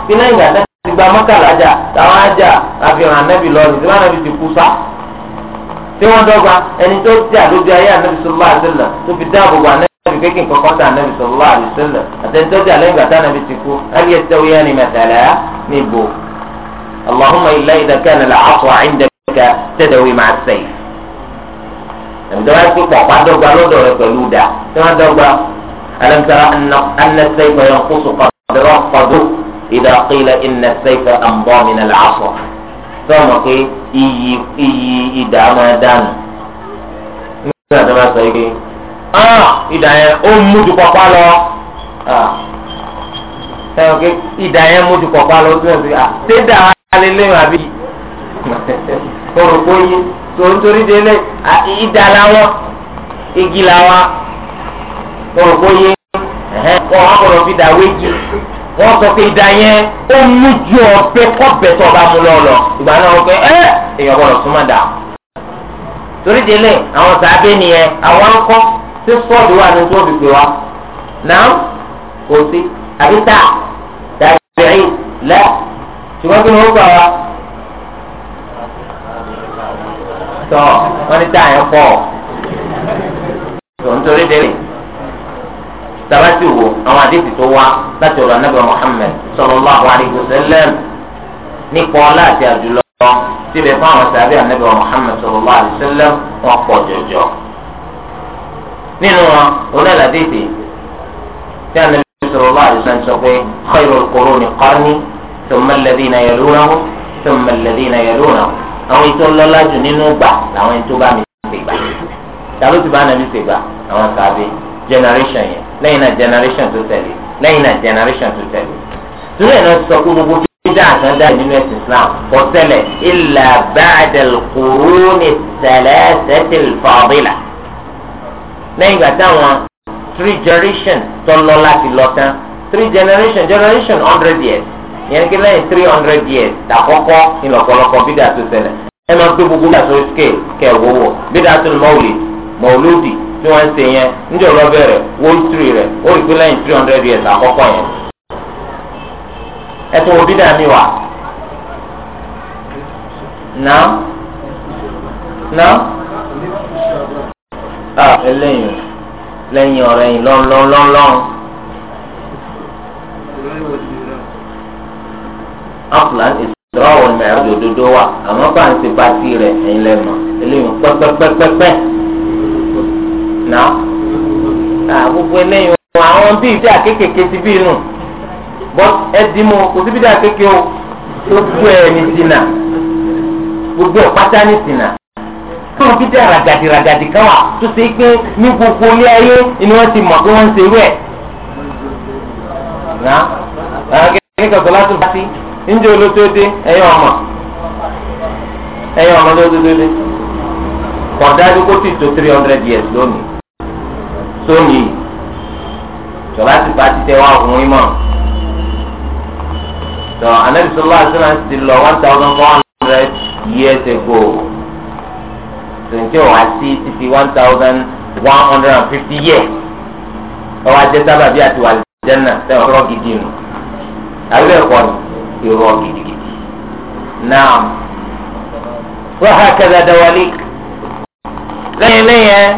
kí lẹ́yìn ìgbà tí gba mẹ́kà lájà táwọn ájà àfihàn anabi lọ́ọ̀rì tí wọ́n anabi ti kú sá. tí wọ́n dọ́gba ẹni tó ti àlójú ayé ati sọlá àdìsẹlẹ tó fi dáàbò bò anabi kékin kankan tá anabi sọlá àdìsẹlẹ àtẹnudọjà lẹ́yìn gbàtà anabi ti kú ẹni ẹsẹ wíyá ni mẹtàlá níbo allahumma illah idaka nala aṣọ àìndẹ̀ka tẹ̀dẹ̀wé máa sẹ́yìn. ẹ̀mdọ́wá pé pọ̀pá dọ́gba lọ́dọ̀ rẹ pẹ̀lú dà tí wọ́n dọ́gba alamtara sọmọ pé iyì iyì ìdá máa dànù nígbà tó bá sọ yìí pé ah, ìdá yẹn ó mú ju pọpá lọ sọmọ ah. pé ìdá yẹn mú ju pọpá lọ tó yẹn sọ pé ah, ṣé dà á lè léyìn àbí orúkọ yìí tó ń délé ìdá làwọn igi làwọn orúkọ yìí kọ́ ọ́ fi dà wéjì wọ́n sọ pé ìdá yẹn ó mú ju ọ̀bẹ kọ́bẹ tó ọba mú lọ lọ ìgbà náà wọ́n pé ẹ́ èèyàn gbọ́dọ̀ súnmọ́ dà. torí délé àwọn sàábé nìyẹn àwọn akọ tí sọ́ọ̀dù wà ní tó bìbì wa náà kò sí àbí tà tàbí lẹ́ ṣùgbọ́n kí ni ó gbà wá. tọ́ wọ́n ní tà yẹn pọ̀ tó nítorí délé tabati wo àwọn àdéhùn tó wá láti ọ̀rọ̀ anábìyà Muhammad sallallahu alaihi wasallam nípa ọlá àti àdúlọ síbẹ̀ fún àwọn sàbẹ̀ anábìyà Muhammad sallallahu alaihi wasallam wọn pọ̀ jọjọ. nínú wọn onílà dédé tí anábìyà sallallahu alaihi wasallam sọ pé khairul quruni qarni thumma alladhina yalunahum thumma alladhina yalunahum àwọn ètò ńlọ́lá nínú gbà làwọn ètò bá mi ṣègbà tàbí generation yẹn lẹ́yìn náà generation tó tẹ̀lé lẹ́yìn náà generation tó tẹ̀lé torí ẹ̀ náà sọ pé gbogbo bídà kan nínú ẹ̀sìn Islam kò ṣẹlẹ̀ illa ba'dal quruni thalathatil fadila lẹ́yìn ìgbà táwọn three generation tó lọ láti lọ tán three generation generation hundred years yẹn kí lẹ́yìn three hundred years dàkọ́kọ́ ńlọpọlọpọ bídà tó ṣẹlẹ̀ ẹ máa gbé gbogbo bídà tó scale kẹ̀ wọ́wọ́ bídà tó mọ́wùlì mọ́wùlódì tí wọ́n ń ṣe yẹn níjọ́ lọ bẹ̀rẹ̀ world three rẹ̀ ó rí pé lẹ́yìn three hundred years àkọ́kọ́ yẹn. ẹ tó wo bídà mi wà. nà nà à ẹlẹ́yìn lẹ́yìn ọ̀rẹ́ yìí lọ́nlọ́nlọ́n. Aflan is ìdúrà wọn mẹ́rin òdodo wa àmọ́ bá ń ṣe bá sí rẹ̀ ẹ̀yin lẹ́mọ̀ eléyìí pẹ́pẹ́pẹ́pẹ́ náà gbogbo eléyìí wọn àwọn bíi bíi akékèké ti bíi nù bọ́ ẹdín mu kò síbi bíi akéké o gbogbo ẹ̀ ní sinà gbogbo ọ̀pátá ní sinà tó ń bíi ragadi ragadi kan wà tó ṣe pé ní gbogbo ilé ayé ni wọ́n ti mọ̀ pé wọ́n ń ṣerú ẹ̀ náà kékeré kan sọ láti bá sí ǹjẹ́ olótóde ẹ̀yin ọmọ ẹ̀yin ọmọ lótóde kọ̀ọ̀dájú kó ti tó three hundred years lónìí sóyè tọ́lá ti bá ti tẹ́ wá ọkùnrin mọ̀ tọ́ anabi sọlá àṣírà ti lọ one thousand four hundred years ago tòǹtì wá sí títí one thousand one hundred and fifty years ọwọ́ ajẹ́ sábàbí àti wàlẹ̀ jẹ́nà sẹ́wọ̀n rọ́ gidi nù àbí ẹ̀kọ́ ìrọ̀ gidigidi náà wọ́n hà kẹ́dà dáwọ́lì lẹ́yìn lẹ́yìn ẹ̀.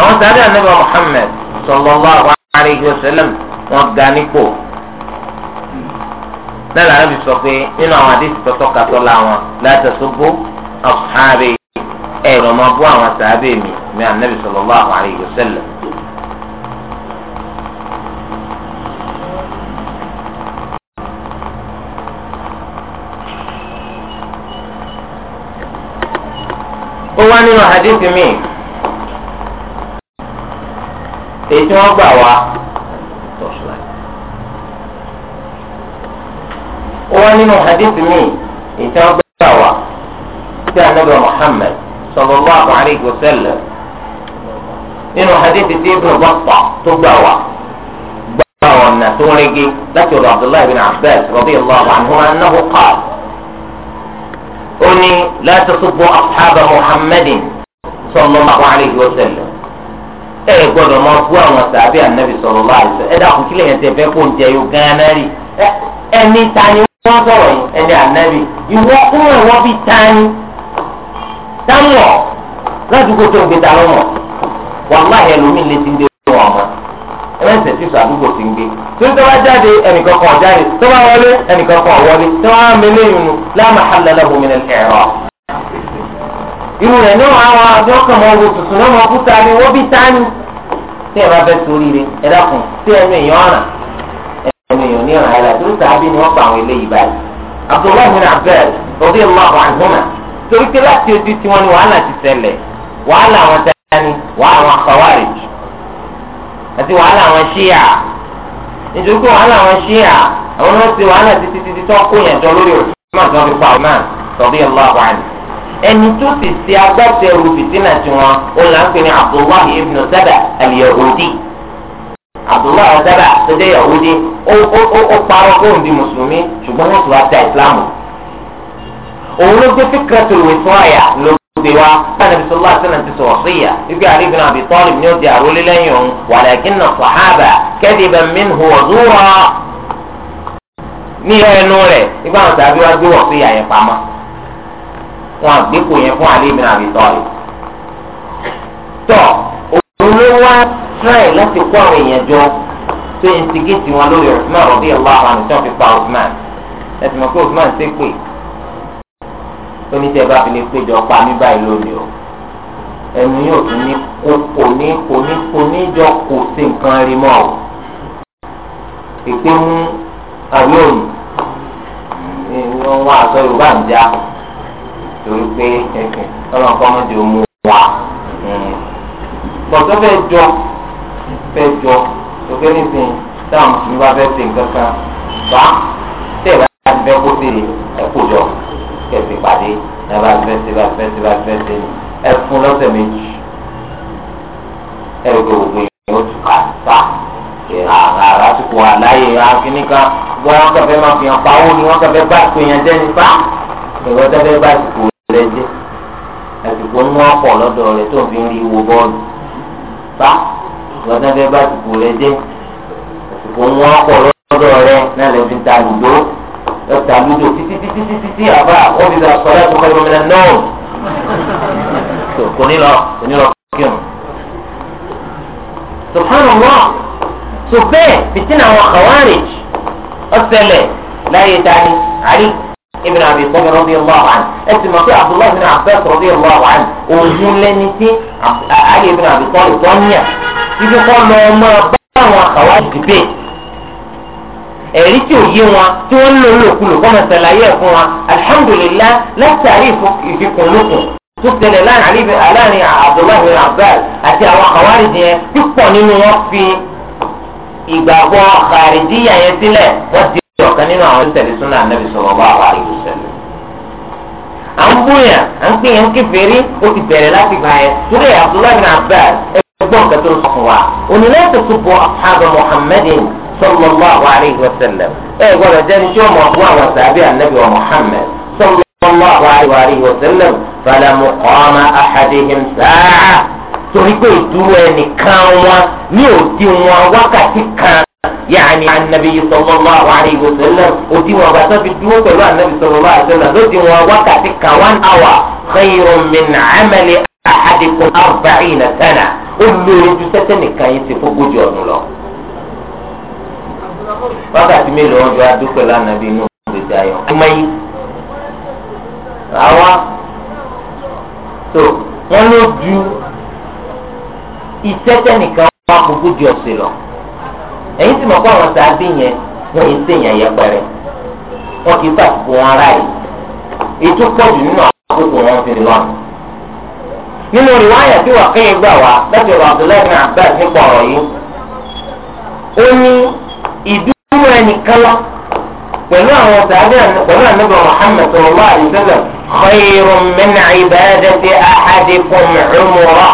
àwọn sáré ànábà Muhammad sallallahu alayhi wa sallam wọn ga nípò náà làwọn fi sọ pé nínú àwọn àdéhùn tọ́tọ́ kàtọ́ làwọn láti ṣubú ashabi ẹ̀rọ máa bú àwọn sàábẹ̀ mi mi ànábì sallallahu alayhi wa sallam. ó wá nínú àdéhùn mi. èyí tí wọ́n gbà wá torchlight. ó wá nínú hadith mi èyí tí wọ́n gbà wá sí anabi muhammed sallallahu alayhi wa sallam nínú hadith tí bá pa tó gbà wá gbà wá ọ̀nà tó ń rege láti ọ̀dọ̀ abdullahi bin rọ̀bí abbas radiyallahu anhuma annahu qala ó ní la tasubbu ashaba muhammadin sallallahu alayhi wa sallam. ẹ gbọ́dọ̀ máa bú àwọn sàbí ànábì sọ̀rọ̀ bá àìsàn ẹ dàkún kílẹ̀ yẹn tẹ̀ fẹ́ kó ń jẹ yóò gánà rí ẹni tani wọ́n sọ̀rọ̀ yìí ẹni ànábì ìwọ kúrò ìwọ bíi tani táwọn ládùúgbò tó ń gbé ta lọ́mọ wàláhì ẹlòmíì lè ti ń gbé wọn ọmọ ẹlẹ́sẹ̀ tí sọ àdúgbò ti ń gbé tí ó tọ́wá jáde ẹnìkan kan jáde tọ́wá wọlé ẹnìkan kan wọlé tọ́wá mẹlẹ́yìn nù la mahalla lahu min al-i'rab irú rẹ̀ náà àwọn àti ọkàn mọ owó tuntun náà mọ kúta ni wọ́n bí tání tí ẹ bá fẹ́ sórí rẹ ẹ dákun tí ẹnu èèyàn ọ̀ràn ẹnu èèyàn ní ọ̀ràn ẹ̀dá tó sàábì ni wọ́n pa àwọn eléyìí báyìí Abdullahi bin Abdul rọ̀bí ọlọ́ọ̀bù àdúnà torí pé láti ojú tí wọ́n ní wàhálà ti ṣẹlẹ̀ wàhálà àwọn tání wàhálà àwọn Khawarij àti wàhálà àwọn ṣíà nítorí pé wàhálà àwọn ṣíà àwọn náà ti wàhálà títí títí tó kó yẹn jọ lórí òṣùwọ̀n tó fi pa ọ̀nà rọ̀bí ọlọ́ọ̀bù àdúnà ẹni tó sì ṣe agbátẹrù fìtínà tiwọn òun là ń pè ní abdullahi ibn sada al-yahudi abdullahi sada tó jẹ́ yahudi ó parọ́ kóun di mùsùlùmí ṣùgbọ́n wọ́n ti wá ta ìsìlámù òun ló gbé fíkàtù ìwé fún àyà ló gbé wa báyìí nàbí sọlá sẹlẹm ti sọ̀rọ̀ sí ìyá ibi Ali ibn Abi Talib ní òde àrólé lẹ́yìn òun walakinna sahaba kadiban minhu wa zura ní ẹnu rẹ̀ nígbà wọn tàbí wá gbé wọ̀ sí ìyá yẹn pamọ́ wọn àgbékò yẹn fún Ali ibn Abi Talib. tọ́ òun ló wá tíráì láti kó àwọn èèyàn jọ tó yẹn ti géètì wọn lórí Usman radiyallahu anhu tí wọ́n fi pa Usman ẹ̀sìn mọ̀ pé Usman ṣe pé oníṣẹ́ bá fi lè péjọ pa mí báyìí lónìí o ẹnu yóò tún ní kò ní kò ní kò ní jọ kò sí nǹkan rí mọ́ o ìpinnu àlóòyìn wọn wá Yorùbá ń já torí pé ọlọ́run kọ́ mọ́ di omi wá. bọ̀dọ̀ fẹ́ jọ fẹ́ jọ òkè nísìnyí táwọn mùsùlùmí bá fẹ́ ṣe nǹkan kan bá tẹ̀ bá ti fẹ́ kó sí ẹ̀kọ́ jọ kẹ̀sì pàdé náà bá fẹ́ ṣe bá fẹ́ ṣe bá fẹ́ ṣe ẹ̀fún lọ́sẹ̀ méjì ẹ̀rọ gbogbo yẹn ó tún kà sá àrà tó kọ àlàyé àfínní kan gbọ́n wọn kẹfẹ́ máa fi hàn pawó ni wọn kẹfẹ́ bá ìpè jẹ́ nípa ìwọ́n tẹ́fẹ́ bá ìsìnkú rẹ jẹ àsìkò ń wọ́n pọ̀ lọ́dọ̀ rẹ tó ń fi rí wo bọ́ọ̀lù bá lọ́dọ̀ fẹ́ bá àsìkò rẹ jẹ àsìkò ń wọ́n pọ̀ lọ́dọ̀ rẹ náà lè fi ta lùdó lọ́ta lùdó títí títí títí tí àbá wọ́n fi ta sọ̀rọ̀ àtúkọ́ ìbomínà náà kò ní lọ kò ní lọ kí n. subhanallah so bẹ́ẹ̀ fìtínà àwọn khawarij ọ̀sẹ̀lẹ̀ láyé dání àríkù ibn abi bakr radiyallahu anhu ẹsìn mọ̀ pé abdullahi ibn abbas radiyallahu anhu òun lẹ́ni tí ali ibn abi bakr tọ́níyà ibi kọ́ lọ máa bá àwọn àkàwá dìbè ẹ̀rí tí ò yé wọn tí wọ́n ń lò lòkulò kọ́ máa ṣàlàyé ẹ̀ fún wa alhamdulillah látàrí ìfikùnlukùn tó tẹ̀lé láàrin abdullahi ibn abbas àti àwọn àkàwá dìbè pípọ̀ nínú wọn fi ìgbàgbọ́ kàrídíyà yẹn sílẹ̀ wọ́n ti ọ̀kan nínú àwọn tó tẹ̀lé súnà nàbì sọ̀rọ̀ bá wà lù sẹ́lẹ̀. à ń bóyá à ń pè é ń kéferí ó ti bẹ̀rẹ̀ láti gbà yẹn sórí abdullahi bin abbas ẹgbọ́n nǹkan tó ń sọ fún wa onílẹ̀ tó tó bọ àbá muhammadin sallallahu alayhi wa sallam ẹ gbọ́dọ̀ jẹ́ni tí ó fún àwọn sàbí ànábì wa muhammad sallallahu alayhi wa sallam fala muqama ahadihim sáà torí pé ìdúró ẹnìkan wọn ní òdi wọn wákàtí kan yàní anabi sallallahu alaihi wasallam òdi wọn bàtà fi dúró pẹ̀lú anabi sallallahu alaihi wasallam lódi wọn wákàtí kan one hour khayrun min amali ahadikum arba'ina sana ó lóore ju sẹ́sẹ́ nìkan yìí ti fógójì ọdún lọ. wákàtí mélòó wọn jọ adúpẹ́ lánàbí inú ìgbésí ayọ̀ ọmọ yìí àwa tó wọn ló ju ìsẹ́sẹ́ nìkan wọn fógójì ọ̀sẹ̀ lọ ẹ̀yin sì mọ̀ pé àwọn sàábì yẹn wọ́n yìí sèyàn yẹpẹrẹ wọ́n kì í sàkókò wọn ráàyè ètò pọ̀jù nínú àkókò wọn fi lọ́n. nínú ìwáyà tí wà kéyìn gbà wá láti ọ̀rọ̀ Abdullahi bin Abbas nípa ọ̀rọ̀ yìí ó ní ìdúró ẹnìkan lọ pẹ̀lú àwọn sàábì pẹ̀lú ànábì Muhammad sallallahu alaihi wasallam khayrun min ibadati ahadikum umrah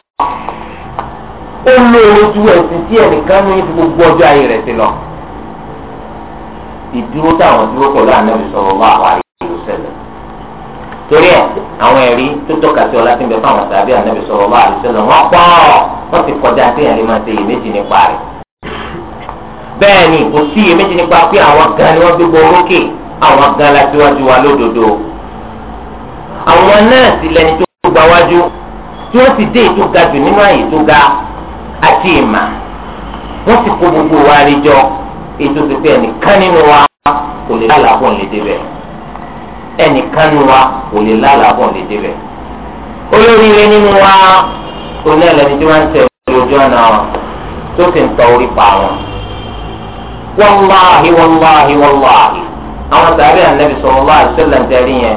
ó lóore ju ẹ̀sìn tí ẹnìkan ní fi gbogbo ọjọ́ ayé rẹ̀ ti lọ. ìdúró táwọn dúró pẹ̀lú ànábì sọ̀rọ̀ wá àwárí ìlú sẹ́lẹ̀. torí ẹ̀ àwọn ẹ̀rí tó tọ́ka sí ọlá tí ń bẹ fáwọn tàbí ànábì sọ̀rọ̀ wá àlù sẹ́lẹ̀ wọ́n pọ̀ wọ́n ti kọjá sí ẹ̀rí máa ṣe iyèméjì nípa rẹ̀. bẹ́ẹ̀ ni kò sí iyèméjì nípa pé àwọn gan ni wọ́n gbégbó orókè àwọn gan la síwájú wa lódodo. àwọn náà sì lẹni tó gbáwájú tí wọ́n sì dé ètò ga jù nínú àyè tó ga àti ìmà wọ́n ti kó gbogbo wa rí jọ ètò pípẹ́ ẹnìkan nínú wa kò lè lálàbọ̀ lè débẹ̀ ẹnìkan nínú wa kò lè lálàbọ̀ lè débẹ̀ olórí ilé nínú wa kò ní tí wọ́n ń tẹ̀ lójú ọ̀nà wọn tó sì ń tọ orí pa wọn. wàláhi wàláhi wàláhi àwọn sàárè ànábì sallallahu alaihi wasallam ń tẹ̀rí yẹn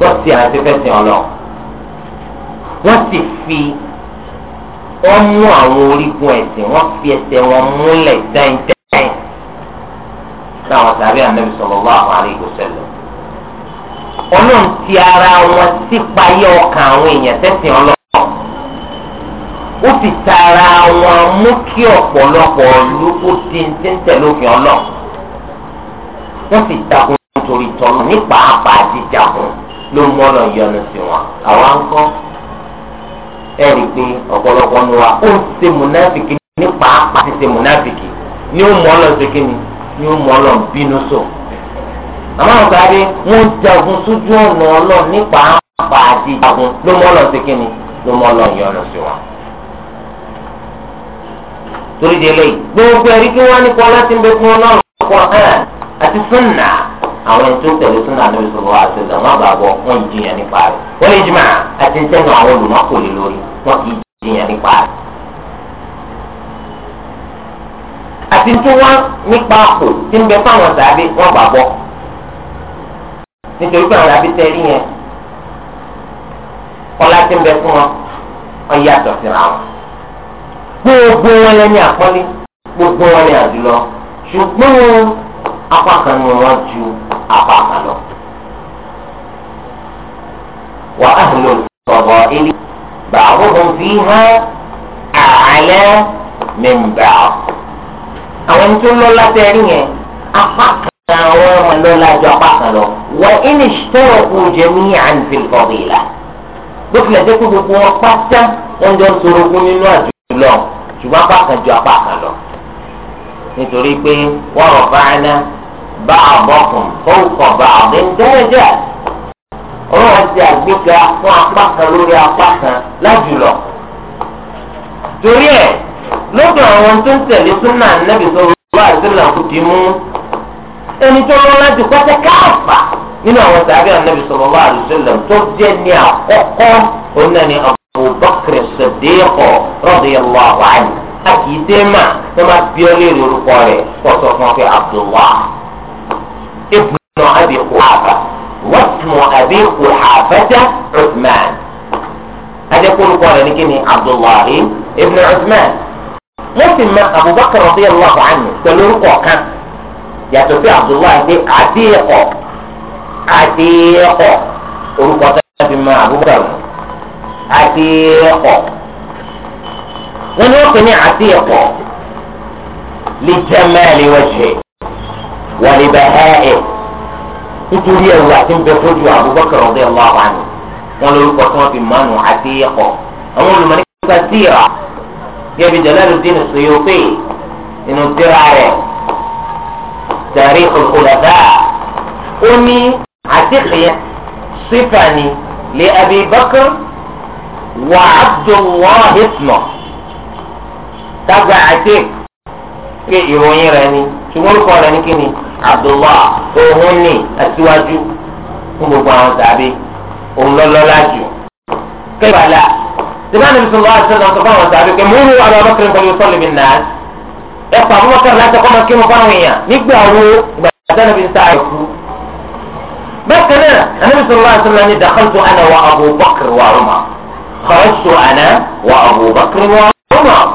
wọ́n ti àti fẹ́sìn ọlọ́ wọ́n ti fi wọ́n mú àwọn orígun ẹ̀sìn wọ́n fi ẹsẹ̀ wọn múlẹ̀ dáìndáìn táwọn sàbí ànábì sallallahu alaihi wasallam. ọlọ́run ti ara wọn sípayé ọkàn àwọn èèyàn sẹ́sìn ọlọ́run. ó ti ta ara wọn mú kí ọ̀pọ̀lọpọ̀ ìlú ó ti ń ti ń tẹ̀lé òfin ọlọ́run. wọ́n ti takun nítorí tọ́lú nípa àpá àti jagun ló mú ọ̀nà ìyọnu sí wọn. àwa ń kọ́ ẹ rí i pé ọ̀pọ̀lọpọ̀ nu wa ó ń ṣe mùnáfìkì ní pàápàá ti ṣe mùnáfìkì ni ó mọ̀ ọ́ ṣe kíni ni ó mọ̀ ọ́ lọ bínú sọ. àmọ́ ọ̀gá dé wọ́n jagun sójú ọ̀nà ọlọ́ ní pàápàá di jagun ló mọ̀ ọ́ lọ ṣe kíni ló mọ̀ ọ́ lọ yọ ọ̀nà sí wa. torí délé gbogbo ẹ̀rí kí wọ́n ní kọ́ láti ń bẹ fún ọlọ́run kọ́ àti sunnah àwọn tó tẹ̀lé súnà níbi sọ̀rọ̀ àti ọ̀dà wọn bá bọ̀ wọn jiyàn nípa rẹ̀ wọ́n lè jìmọ̀ àti sẹ́nu àwọn olùmọ̀kòlè lórí wọn kì í jiyàn nípa rẹ̀. àti tí wọ́n nípa kò tí ń bẹ fáwọn sàbí wọn bá bọ̀ nítorí pé àwọn àbí tẹ́rí yẹn ọlá tí ń bẹ fún wọn wọn yàtọ̀ síra wọn. gbogbo wọn lẹ ní àpọ́nlé gbogbo wọn lẹ àdúlọ ṣùgbọ́n apá kan ni wọ́n ju apá kan lọ. wà á lò sọ̀bọ̀ ilé ba'dhum fiha a'la min ba'd. àwọn tó lọ́lá tẹ́rí yẹn apá kan àwọn ọmọ lọ́lá ju apá kan lọ. wa in ishtaraqu jami'an fil fadila. bó tilẹ̀ jẹ́ kó gbogbo wọn pátá wọ́n jọ sọ̀rọ̀ fún nínú àjùlọ ṣùgbọ́n apá kan ju apá kan lọ ba'dakum fawqa ba'din darajat ọlọ́run ti àgbéga fún apá kan lórí apá kan lájùlọ. torí ẹ̀ lọ́dọ̀ àwọn tó ń tẹ̀lé súnà nẹ́bí tó wà sílẹ̀ kò dì mú ẹni tó lọ láti pátẹ́ káàpà nínú àwọn sàbẹ̀ ànábì sallallahu alaihi wasallam tó jẹ́ ní àkọ́kọ́ onáni Abubakar Siddiq radiyallahu anhu a kì í dé mà ní máa bí ọ lé orúkọ rẹ̀ kó fún ọ pé ابن أبي قحافة واسم أبي قحافة عثمان هذا يقول قال لكني عبد الله ابن عثمان لكن ما أبو بكر رضي الله عنه سلوه يا تفي عبد الله دي عتيق عتيق orúkọ tó ابو بكر عتيق rẹ عتيق لجمال وجهه wàlíbà ẹ̀ẹ́ nítorí ẹ̀rù àti ń bẹ fojú Abubakar radiyallahu anhu wọn lórúkọ tí wọ́n fi mánu àti ẹ̀kọ́ àwọn olùmọ̀ní kíkà síra yẹbi Jalaluddin Suyuti inú síra rẹ̀ Tarikhul Khulafa ó ní àtìkìyẹ sífàní lé Abi Bakr wà Abdullahi ismọ̀ tágbà àti ìròyìn rẹ̀ ni ṣùgbọ́n orúkọ rẹ̀ ní kíni. abdulwa ohun ní aṣíwájú fún gbogbo àwọn sàbí ohun lọ́lọ́lá jù. kébàlà sèmáàlì bisimilá àṣìṣẹ́nà sọ fáwọn sàbí wà múlù abubakar nǹkan yóò sọ́ọ̀lì bí nàá ẹ pa abubakar láti ọkọ̀ máa kí wọn fáwọn èèyàn nígbà wo ìgbà àtẹnu bí sáà ẹ̀ kú. bákan náà anábì sọ̀rọ̀ àṣìṣẹ́nà ni dàkàtú àná wa abubakar wa umar kharajtu àná wa abubakar wa umar.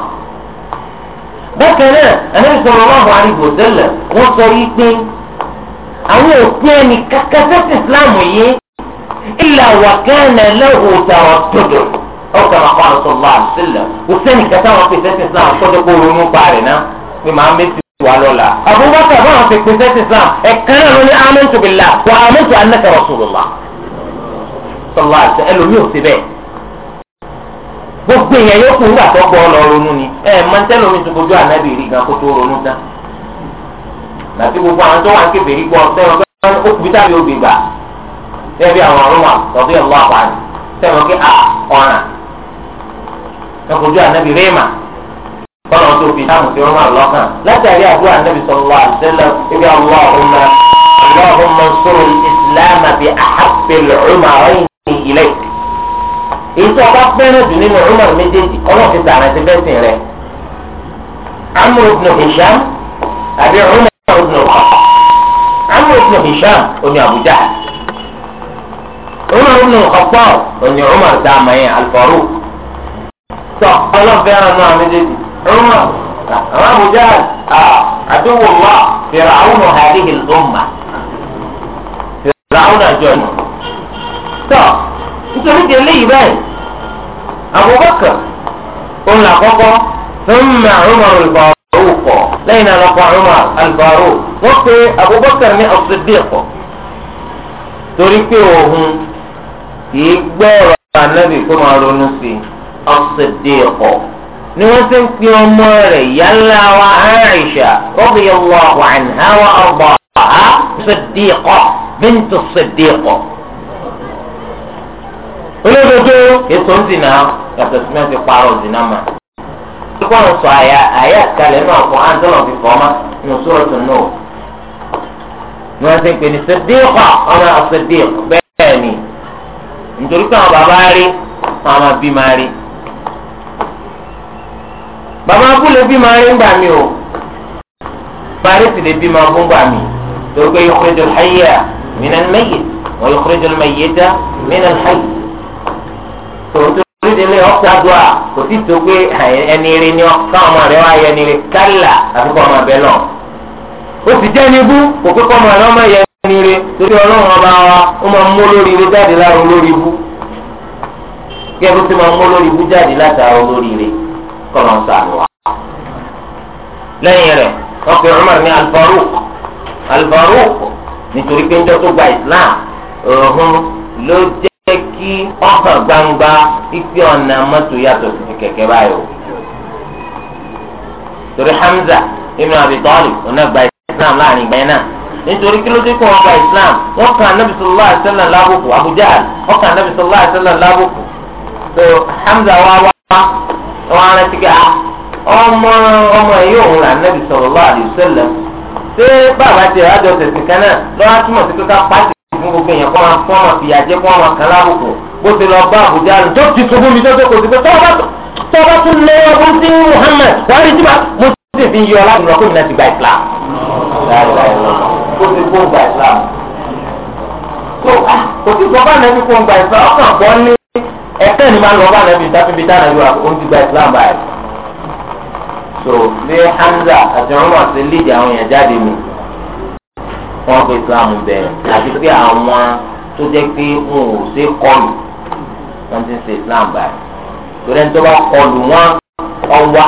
bákan náà anábì sọ̀rọ̀ wọ́n sọ yìí pé àwọn òfin ẹni kankan sẹ́sìn Islam yìí ìlà wà kẹ́ẹ̀nà lẹ́hùn tàwọn tódò ọkọ̀ àpá àtọ̀lá àtìlẹ̀ kò sẹ́ni kẹta wọn fi sẹ́sìn Islam kọ́jọ́ kó ronú parí náà pé màá mẹ́sì wà lọ́la. Abubakar bá wọn fi pè sẹ́sìn Islam ẹ̀ka náà ló ní bìlá wà amẹ́tò anaka rasulullah sọlá àti ẹlòmíì ò gbogbo èèyàn yóò kú nígbà tó gbọ́ ọ lọ ronú ni ẹ̀ máa ń tó kojú ànábì rí gan kó tó ronú dán nàti gbogbo àwọn tó wà kébèrè gbọ́ sẹ́wọ̀n pé ó kú bíi tábìlì òbí gbà bẹ́ẹ̀ bí àwọn ọ̀rọ̀ wà lọ́dún ẹ̀rọ àwọn àná sẹ́wọ̀n pé ọ̀ràn ẹ̀kọ́jú ànábì rèémà kọ́nà tó fi táwọn ti rọ́mà lọ́kàn látàrí àdúrà ànábì sọ̀rọ̀ àṣẹlẹ̀ ibi àwọn ọ̀hún اللهم انصر الإسلام بأحب العمرين إليك إذا ربنا جنين عمر مديدي الله في تعالى تبسين له عمرو بن هشام Amr ibn Hisham oní Abuja Umar ibn Khattab oní Umar dàmà yẹn Al-Faruq tọ ọlọ́fẹ́ hàn náà méjèèjì Umar àwọn Abuja àdúgbò wa Fir'aun hadhihi al-umma Fir'aun àjọ ni tọ nítorí di eléyìí báyìí Abubakar òun là kọ́kọ́ thumma Umar al-Faruq lẹ́yìn náà lọ́kọ̀ Umar al-Faruq wọ́n pe Abubakar ní as-Siddiq torí pé òun kìí gbọ́rọ̀ ànábì kó máa ronú sí as-Siddiq ni wọ́n ti ń pe ọmọ rẹ̀ yálà wa Aisha radiyallahu anha wa ardaha as-Siddiqa bint as-Siddiq olódodo ètò ń dìnnà yàtọ̀ sí mẹ́tì parọ́ dìnnà mà. ikú àwọn sọ àyà àyà kalẹ̀ náà fún àǹtọ̀nà fi fọ́ ma nù sọ̀rọ̀ tó nù. ni wọ́n ti ń pè ní sèdíkà ọmọ àsèdík bẹ́ẹ̀ ni nítorí pé àwọn bàbá rí àwọn máa bí máa rí. bàbá abú lè bí máa rí ń gbà mí o bàbá sì lè bí máa bú ń gbà mí torí pé yukhriju al-hayya mina al-mayyit wa yukhriju al-mayyita mina al-hayy. tòótọ́ onídìílé ọ̀pọ̀dùà kò sí tó pé ẹni rí ni ọ káwọn ọmọ rẹ wá yẹ ni rí kálà àfikún ọmọ abẹ náà ó sì jẹ́ níbú kò pé kọ́ ọmọ rẹ ọmọ yẹ ni rí torí ọlọ́run ọba wa ó máa mú lórí rí jáde lára olórí ibú kí ẹbí tó máa mú lórí ibú jáde látara olórí rí kọ́ lọ́n sàánù wa. lẹ́yìn rẹ̀ wọ́n pe Umar ní alfaruk nítorí pé ń jọ́ tó gba Islam ọ̀hún ló jẹ́ kí ọkàn gbangba ife ọ̀nà mọ́tò yàtọ̀ sí ti kẹ̀kẹ́ báyìí o. torí Hamza ibn Abi Talib ọ̀nà gba Islam láàrin ìgbà yẹn náà nítorí kí ló dé kó wọn gba Islam wọn kàn Nabi sallallahu alaihi lábùkù Abu Jahl wọn kàn Nabi sallallahu alaihi lábùkù. so Hamza wá wá wọn rántí ká ah, ọmọ ọmọ yìí òun là Nabi sallallahu alaihi ṣé bàbá tiẹ̀ wájú ọ̀sẹ̀ sí kan náà lọ́wọ́ túmọ̀ sí pé ká pàṣẹ fún gbogbo èèyàn kó máa fún ọmọ fìyà jẹ kó máa kàn lábùkù bó ti lọ bá àbújá rẹ tó ti sọgbó mi tó tó kò sí pé tọ́ba tún lọ ọdún sí Muhammad wàá rí tí mo sì fi yọ ọlá ìrọ̀kọ́ mi náà ti gba Islam. ó ti kó gba Islam. Ah, kò sí sọ́ba náà ti kó gba Islam ọkàn bọ́ ní ẹ̀fẹ́ ni máa ń lọ bá nàbí ìdáfíbi dáná yóò àpò ó ti gba Islam báyìí. so bí Hamza àti Umar ti léde àwọn èèyàn jáde mi wọn kó islam bẹ̀rẹ̀ àti pé àwọn tó jẹ́ pé wọn ò ṣe kọlù wọn ti ń ṣe islam báyìí torí ẹni tó bá kọlù wọn ọwá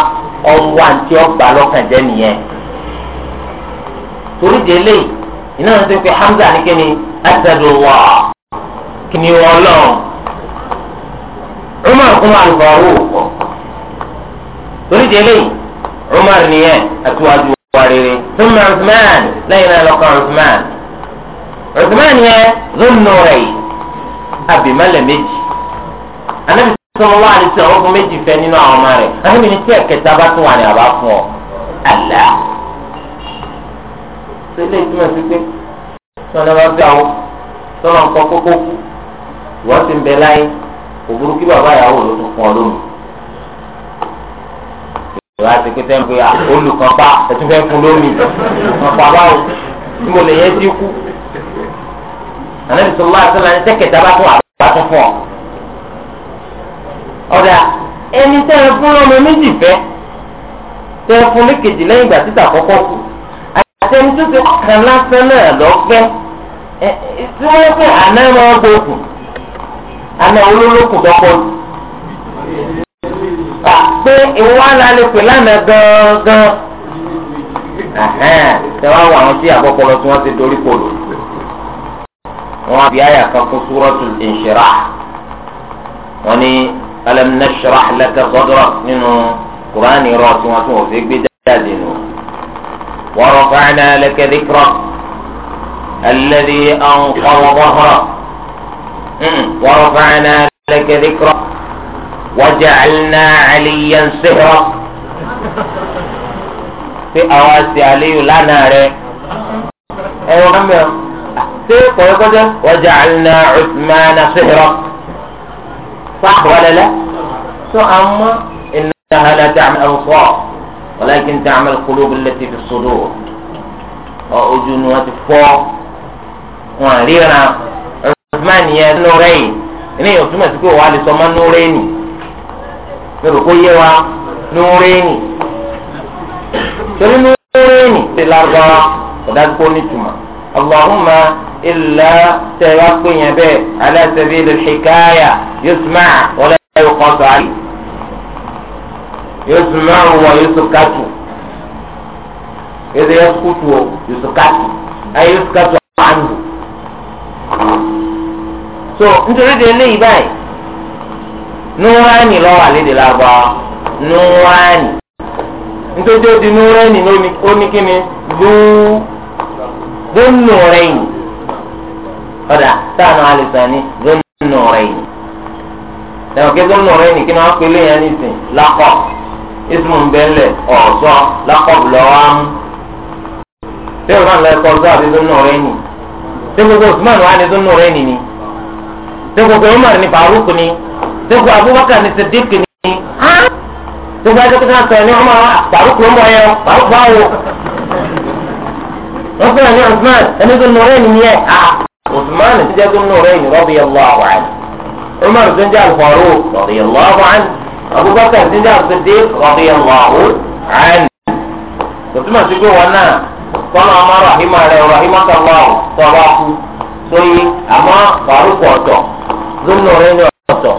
ọwá tí ọgbà lọ́kàn jẹ́ nìyẹn torí délé iná wọn ti ń pe hamza ní kíni asadullah kíni ọlọ́run umar kuma alfaru kọ torí délé umar nìyẹn àti wàjú wàrere thumma Uthman lẹ́yìn náà lọ́kàn Uthman Uthman yẹn zunnu rẹ̀ yìí abimálẹ̀ méjì anabi sọ̀rọ̀ wà ní sọ̀rọ̀ fún méjì fẹ́ nínú àwọn ọmọ rẹ̀ anabi ní tíyẹ̀ kẹta bá tún wà ní àbá fún ọ àlá sílẹ̀ ìtumọ̀ sí pé bá bẹ́ àwọn sọ̀rọ̀ nǹkan kókó kú ti ń bẹ láyé òbúrú bàbá ìyàwó ló tún fún lónìí ìwà àti pété ń pe olùkọ́pá ẹtún fẹ́ fún lómi ọ̀pá báwo tí mo lè yẹ ti kú. ànábìsọ̀ wá sọ́la ní sẹ́kẹ̀tà bá fún àbá tó fún ọ. ọ̀dà ẹni tẹ́ ẹ fún ọmọ méjì fẹ́ tẹ́ ẹ fún lékejì lẹ́yìn ìgbà títà kọ́kọ́ kú. àti ẹni tó ti kàn lásán náà lọ́fẹ́ tí wọ́n fẹ́ àná ẹ̀rọ ọgbọ́n kù àná olólókùn dọ́kọ́ kà pé ìwà ńlá lè pè lánàá gangan ṣe wá wọ àwọn tí àbọ̀pọ̀lọ tí wọ́n ti dorí kodò wọn àbí àyà kan kó súrọ́tù ìṣẹ̀rà wọn ni alam nashrah laka nínú kuraani rọ tí wọn tún òfin gbé jáde nù wa rafa'na laka dhikrak alladhi anqadha dhahrak hmm, wa rafa'na laka dhikrak. وجعلنا عليا سهرا في أواسي علي لا نار أيوه وجعلنا عثمان سهرا صح ولا لا؟ سؤال إنها لا تعمل أنصار ولكن تعمل القلوب التي في الصدور وأذن وتفوق وعلينا عثمان يا نورين إني أسمع تقول والي صمان نوريني níbi kó yé wa núrẹ́ẹ̀nì torí núrẹ́ẹ̀nì ti lárúbáwá ọ̀dàgbò nítumọ̀ allahumma illa tẹ̀wá pé yẹn bẹ́ẹ̀ ala sabil al-hikaya yusma' wa la yuqas ali yusma' wa yusukatu yẹ́dẹ̀ yẹ́sùkútù o yusukatu ayé yusukatu anhu. so nítorí de eléyìí báyìí nuwani lọ́wọ́ àlédè lágbá nuwani nítorí ó di nuwani ó ní kíni bú dúnúrẹ́yìn ọ̀dà táwọn alìsàn ní dúnúrẹ́yìn lẹ́wọ̀n kí dúnúrẹ́yìn kí wọ́n pè léyìn ẹnìsìn lákọ̀ ismu nbẹ́lẹ̀ ọ̀sọ́ lákọ̀ lọ́wọ́ amú tí o náà lọ ẹ̀kọ́ ọ̀sọ́ àti dúnúrẹ́yìn tí gbogbo Usman wà ní dúnúrẹ́yìn ni tí gbogbo Umar ní Faruk ni gbogbo Abubakar ní Siddiq ní á gbogbo ẹgbẹ́ tó sọ ní ọmọ Faruk ló ń bọ̀ yẹn o Faruk bá wò wọ́n fẹ́ràn ní Usman ẹni tó nùrẹ́ nìyẹn á ah, Usman ti jẹ́ tó nùrẹ́ ní radiyallahu anhu Umar tó ń jẹ́ al-Faruq radiyallahu anhu Abubakar tó ń jẹ́ Siddiq radiyallahu anhu òtún àti pé wọn náà kọ́nà ọmọ rahima rẹ rahima kàlá tọ́wá kú ثم علي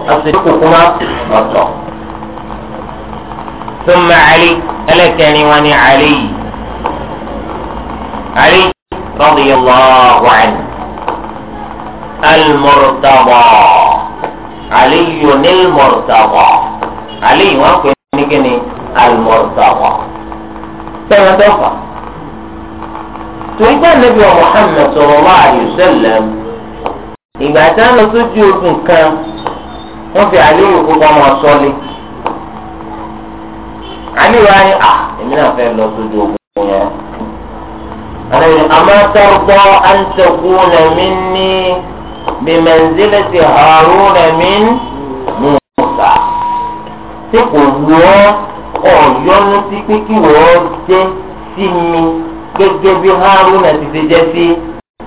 ألك نواني علي علي رضي الله عنه المرتضى علي المرتضى علي وكني المرتضى كما توفى تلقى النبي محمد صلى الله عليه وسلم إذا كان سجود كان wọ́n fi àlíyù kókó ọmọ sọ́lé àlíyù á ní à èmi náà fẹ́ lọ sójú ogun yẹn àlẹ́ amátọ́gbọ́ àǹtẹ̀kùnà mi ní bìmẹ̀nzílẹ̀tì Haruna mi Musa tí kò wú ọ ọ̀yọ́nu sí pé kí wọ́n jẹ́ sí mi gẹ́gẹ́ bí Haruna ti ṣe jẹ́ sí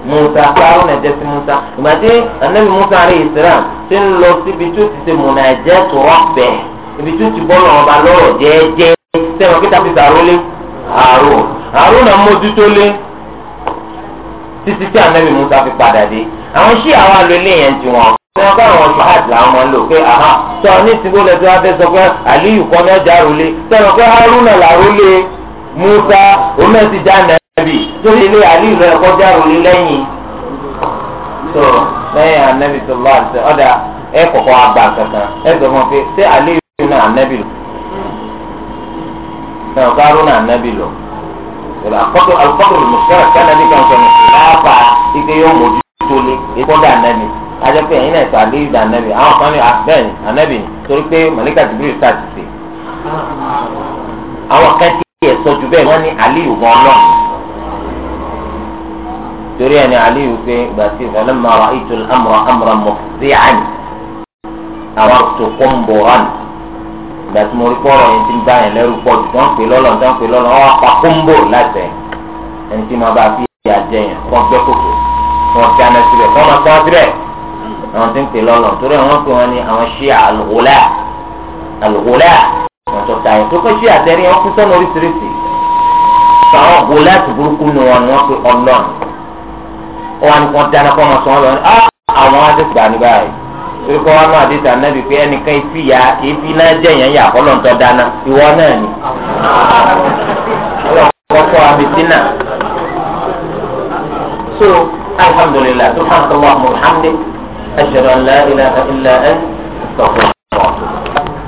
musa haruna jẹ sí musa ìgbà tí anabi musa alayhi salam ti ń lọ síbi tó ti ṣe munajatu rabbih ibi tó ti bọ́ lọ́wọ́ ba lọ́rọ̀ jẹ́ẹ́jẹ́ sẹ́wọ̀n kí tàbí sàrólé àrùn àrùn náà mójútó lé títí tí anabi musa fi padà dé àwọn ṣí àwọn alólè yẹn ti wọn wọn bá àwọn jihad làwọn máa ń lò pé aha sọ ní tìbó lẹsẹ wá fẹ́ sọ pé aliyu kan náà já rólé sọ pé haruna làrólé musa omesidana ànábì torí ilé àlì rẹ kọjá ròlí lẹ́yìn tó lẹ́yìn ànábì tó lọ àti ọ̀dà ẹ kọ̀kọ́ àgbà kankan ẹ sọ fún pé ṣé àlè yìí náà ànábì lò ṣe ọ̀gá rúnà ànábì lò àkọ́tọ̀ àkọ́tọ̀ lùmùsọ̀rọ̀ kánàbì kan sọ̀rọ̀ láàbà ike yóò mójú tó lé ìkọ́dà ànábì ajẹ́ pé ẹ̀yin náà sọ àlè yìí dà ànábì àwọn kan ní abẹ́ẹ̀ ah, ànábì torí pé màlíkà jìbìrì sáà ti sè àwọn kẹ́kẹ́ ẹ̀ sọ ju bẹ́ẹ̀ wọ́n ní àlè yìí wọ́n náà torí ẹni aliyu pé ìgbà tí ìfẹ̀lẹ́ máa ra ìtòlù amúra amúra mọ̀ sí àní àwọn tòkún bòrán ìgbà tí mo rí pọ́ọ̀rọ̀ yẹn ti ń bá yẹn lẹ́rú pọ̀ jù tó ń pè lọ́lọ́ tó ń pè lọ́lọ́ wọn pa kóńbò láti ẹni tí máa bá fi ìyà jẹ yẹn wọ́n gbẹ́ kòkò wọ́n fi àná síbẹ̀ wọ́n máa tán síbẹ̀ àwọn tí ń pè lọ́lọ́ torí àwọn pè wọ́n ní àwọn ṣí àlùkòlá àlùkòlá wọ́n tó wọn ni wọn dáná kọ́ wọn sọ wọn lọ ní ah, àwọn wá ti gbà ní báyìí torí kọ́ wọn náà ti tà náà bí pé ẹnìkan ìfì ya èéfì náà jẹ́ yẹn yà kọ́ lọ́ntọ́ dáná ìwọ náà ni. ọlọ́kọ́ abitina so alhamdulilayi subhanahu wa ta'ala muhammed an la ilaha illa anta astaghfirullah.